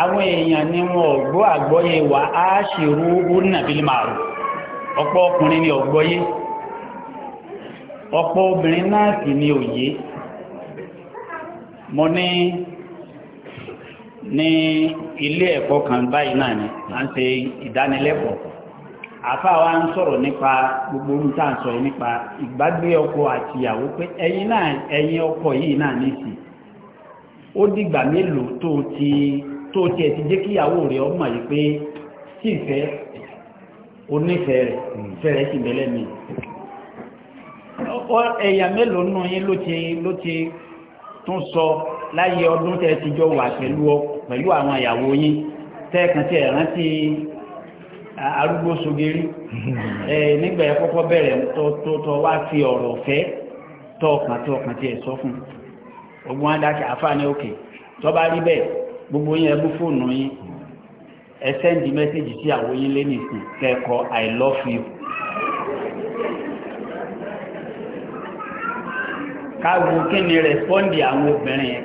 àwọn èèyàn ni wọn ò àgbọ́yé wà á ṣèrú húnà bílí màrú ọ̀pọ̀ ọkùnrin ni ọ̀gbọ́yé ọ̀pọ̀ obìnrin náà sì ni òye mo ní ní ilé ẹ̀kọ́ kan báyìí náà ni a ń ṣe ìdánilẹ́kọ̀ọ́ sọ̀rọ̀ nípa gbogbo ohun tá à ń sọ nípa ìgbàgbé àti ìyàwó ọkọ yìí náà nìsí ó dìgbà mélòó tó ti tó tiẹ̀ ti jẹ́ kíyàwó rẹ̀ ọmọ yìí pé sí ìfẹ́ onífẹ́ rẹ̀ fẹ́rẹ̀ sí mi ẹ̀yà mélòó nù yín ló ti ló ti tún sọ láyé ọdún tẹ́ ti jọ wà pẹ̀lú pẹ̀lú àwọn ìyàwó yín tẹ́ẹ̀kan tí ẹ̀ rántí arúgbó sogeri ẹ̀ nígbà ẹ̀ kọ́kọ́ bẹ̀rẹ̀ tó wá fi ọ̀rọ̀ fẹ́ tọkàn tọkàn tí ẹ̀ sọ fún ọgbọ́n àfáàní òkè bá rí bẹ́ẹ̀ gbogbo yín ẹbú fóònù yín ẹ sẹ́ndì mẹ́sẹ̀gì sí àwọn yín lé nìsín kẹ́kọ̀ọ́ i love you. káàbù kí ni rẹ̀spọ́ndì àwọn obìnrin yẹn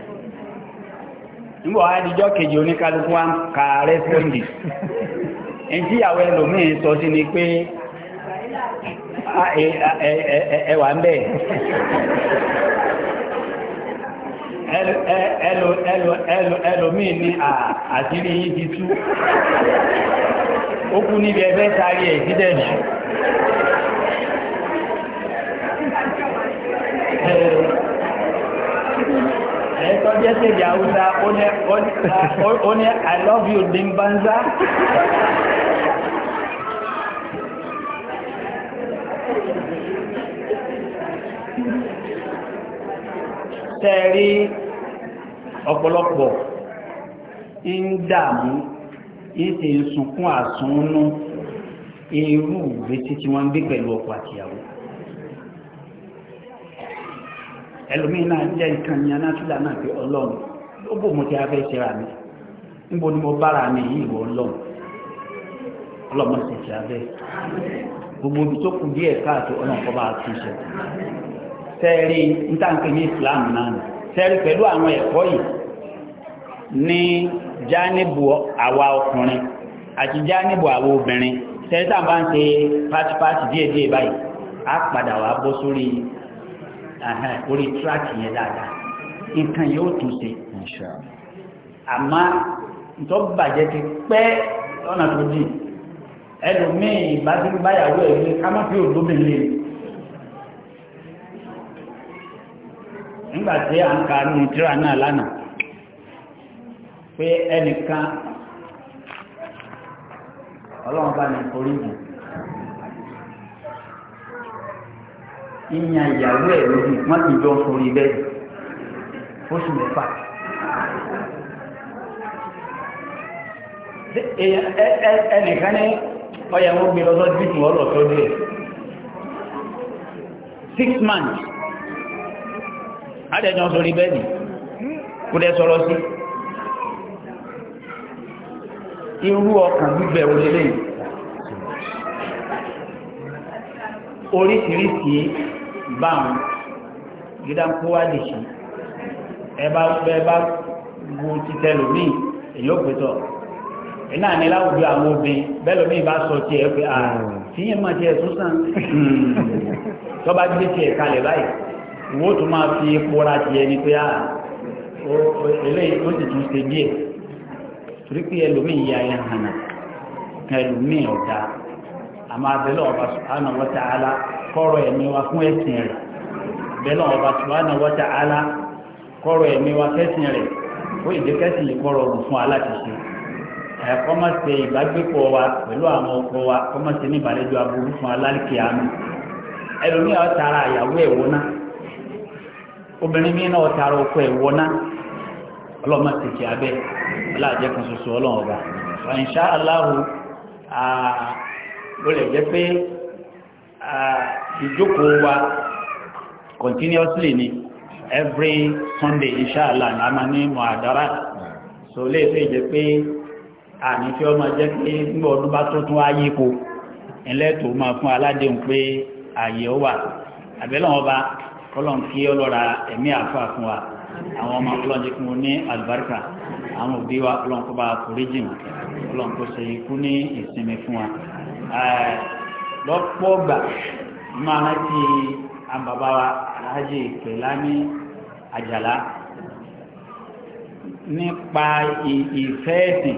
nígbà wá díjọ́ kejì oníkálukú wa ka rẹ́spọ́ndì ẹni ìyàwó ẹlòmíín sọ sí ni pé ah, ẹwà ń bẹ̀. ẹlòmíì ní àṣírí yìí ti tú ó kú níbi ẹgbẹ́ sáré ẹ̀ sídẹ̀ nù. ẹ̀ẹ́dọ́ jẹ́ sèjì haúsá ó ní i love you dimbanza. Thank you. tẹ́ẹ̀rí ọ̀pọ̀lọpọ̀ ń dààmú ìsì ń àsúnnú irú ìgbésí tí wọ́n ń gbé pẹ̀lú ọkọ àtìyàwó ẹlòmíì jẹ́ nǹkan ní anáfíà náà pé ọlọ́run ó bò ti afẹ́ mi níbo ni mo bára mi yìí wọ ọlọ́run ọlọ́run ṣe abẹ́ gbogbo ibi tó kù díẹ̀ káàtó ọlọ́run kọ́ bá tẹ́rí ní islam náà pẹ̀lú àwọn ẹ̀kọ́ yìí ní jánìbù àwa ọkùnrin àti jánìbù àwa obìnrin tẹ́rí tàbá ń ṣe pátipáti díẹ̀ báyìí a padà wá bọ́ sórí orí tíráàkì yẹn dáadáa nǹkan yóò tún tó bàjẹ́ ti pẹ́ lọ́nà tó dì ẹlòmíì báyàwó ẹ̀ nígbà tí a ń ka ní tíra náà lánàá pé ẹnìkan ọlọ́run bá ní oríjì ìyàn ìyàwó ẹ̀ lórí wọ́n ti jọ sórí bẹ́ẹ̀ oṣù mẹ́fà ẹnìkan ní ọyàwó gbé lọ́sọ́ dìbò ọlọ́tọ́ dé six months adẹ́jọ́ sórí bẹ́ẹ̀dì kò dẹ́ sọ̀rọ̀ sí irú ọkàn gbígbẹ̀ òlélẹ̀ oríṣiríṣi báwọn gídáńkó wá lè ṣe ẹbá bẹ́ẹ̀bá wo títẹ lómi èyí ó pẹ̀tọ̀ iná ní láwùjọ àwọn obìnrin bẹ́ẹ̀ lómi bá sọ ah, tí pé ààrùn tí máa ti ẹ̀ sàn tó gbé tí kalẹ̀ báyìí wọ́n tún máa fi epo ra ti ẹni pé àà ah, eléyìí ó sì tún ṣe díẹ̀ torí pé ẹlòmíì ya ẹ hànà ẹlòmíì ọ̀dà àmọ́ abẹ́lẹ́ ọba subhanahu wa ta'ala kọ́rọ̀ ẹ̀mí wa fún ẹ̀sìn rẹ̀ abẹ́lẹ́ ọba subhanahu wa ta'ala kọ́rọ̀ ẹ̀mí wa fẹ́sìn rẹ̀ ó ìdẹ́kẹ́sì yìí kọ́rọ̀ ọ̀rùn fún aláṣẹṣe ẹ̀kọ́ máa ṣe ìbágbépọ̀ wa pẹ̀lú àwọn ọkọ wa kọ́ máa ṣe ní ìbàlẹ́jọ́ aburú fún alálìkè àmì ẹlòmíì ọ̀tara àyàwó ẹ̀wọ́ náà obìnrin mi náà tààrà ọkọ ẹ̀wọ́ náà ọlọ́mọ abẹ́ aláàjẹ́ kan ṣoṣo ọlọ́run ọba insha pé ìjókòó wa continuously ni every Sunday insha Allah ní a máa ní mọ̀ádọ́rà so lè fẹ́ jẹ́ pé àní tí ọmọ jẹ́ pé nígbà ọdún bá tó tún máa fún aládéhùn pé àyè ó wà kọ́lọ́n kí ọlọ́ra ẹ̀mí àfa fún wa àwọn ọmọ ọlọ́n jẹ́ kí wọ́n ní àlùbáríkà àwọn òbí wa ọlọ́n kó bá forí jì wọ́n ọlọ́n kó ṣe ikú ní ìsinmi fún wa. lọ́pọ̀ gbà máa rántí àbàbà wa aláàjì Kẹ̀lání Àjàlá nípa ìfẹ́ ẹ̀sìn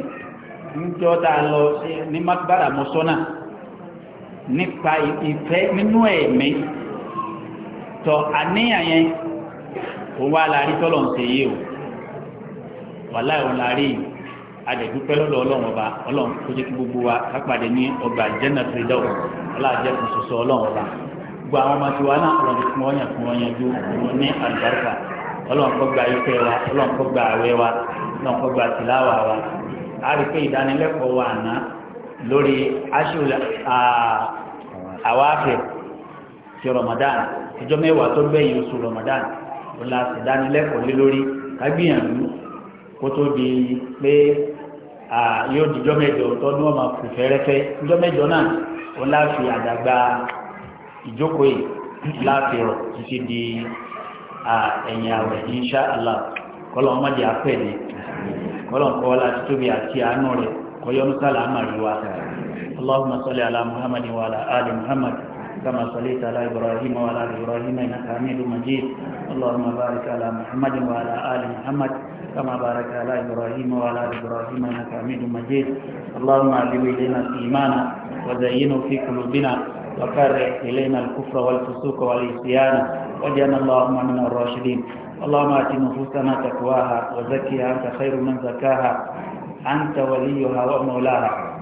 níjọ́ tá a lọ ní makbara mọ́sọ́nà nípa ìfẹ́ nínú ẹ̀mí. E tọ àníyàn yẹn òun wá láàrí tọ́lọ̀ ń ṣe o wàhálà òun láàrí adẹ̀dúpẹ́ lọ́dọ̀ ọlọ́run ọba ọlọ́run tó jẹ́ kí gbogbo wa kápàdé ní ọgbà jẹ́nà ọlọ́àjẹ́ kò sọ̀sọ̀ ọlọ́run ọba gbogbo àwọn ọmọ náà ọlọ́run fún wọn yàn fún wọn yanjú wọn ní gba wa ọlọ́run kó gba wa ọlọ́run gba wa a rí pé ìdánilẹ́kọ̀ọ́ wa àná lórí aṣọ Ramadan ìjọ mẹ́wàá tó gbẹ̀yìn oṣù Ramadan ó la sì dánilẹ́kọ̀ọ́ lé lórí kágbìyànjú kó tó di pé yóò di ìjọ mẹ́jọ tó ní wọn máa kù fẹ́rẹ́fẹ́ ìjọ mẹ́jọ náà ó la fi àdàgbà ìjókòó yìí láàfihàn títí di ẹ̀yìn àwẹ̀ insha Allah kọ́lọ̀ ọmọdé afẹ́ ni kọ́lọ̀ kọ́ láti tóbi àti àánú rẹ̀ kọ́yọ́nù sálàmà rí wa Allahumma salli ala Muhammadin wa ala ali Muhammad كما صليت على إبراهيم وعلى آل إبراهيم إنك حميد مجيد اللهم بارك على محمد وعلى آل محمد كما بارك على إبراهيم وعلى آل إبراهيم إنك حميد مجيد اللهم علم إلينا الإيمان وزينه في قلوبنا وكره إلينا الكفر والفسوق والعصيان واجعلنا اللهم من الراشدين اللهم آت نفوسنا تقواها وزكها أنت خير من زكاها أنت وليها ومولاها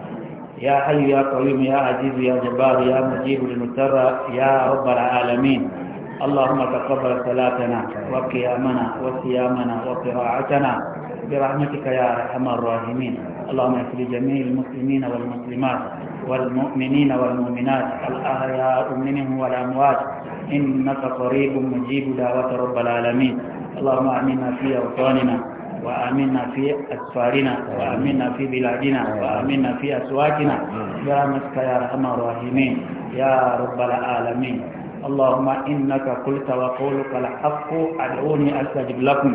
يا حي يا قويم يا عزيز يا جبار يا مجيب المضطر يا رب العالمين اللهم تقبل صلاتنا وقيامنا وصيامنا وقراءتنا برحمتك يا ارحم الراحمين اللهم اغفر لجميع المسلمين والمسلمات والمؤمنين والمؤمنات الاحياء منهم والاموات انك قريب مجيب دعوه رب العالمين اللهم امنا في اوطاننا وآمنا في أسفارنا وآمنا في بلادنا وآمنا في أسواقنا برحمتك نعم. يا أرحم الراحمين يا رب العالمين اللهم إنك قلت وقولك الحق أدعوني أستجب لكم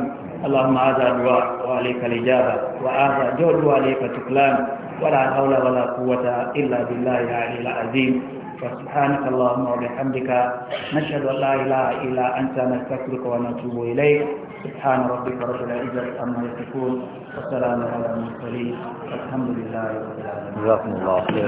اللهم هذا دعاء وعليك الإجابة وهذا جهد وعليك شكلان ولا حول ولا قوة إلا بالله العلي العظيم فسبحانك اللهم وبحمدك نشهد أن لا إله إلا أنت نستغفرك ونتوب إليك سبحان ربك رب العزة عما يصفون وسلام على المرسلين والحمد لله رب العالمين جزاكم الله خيرا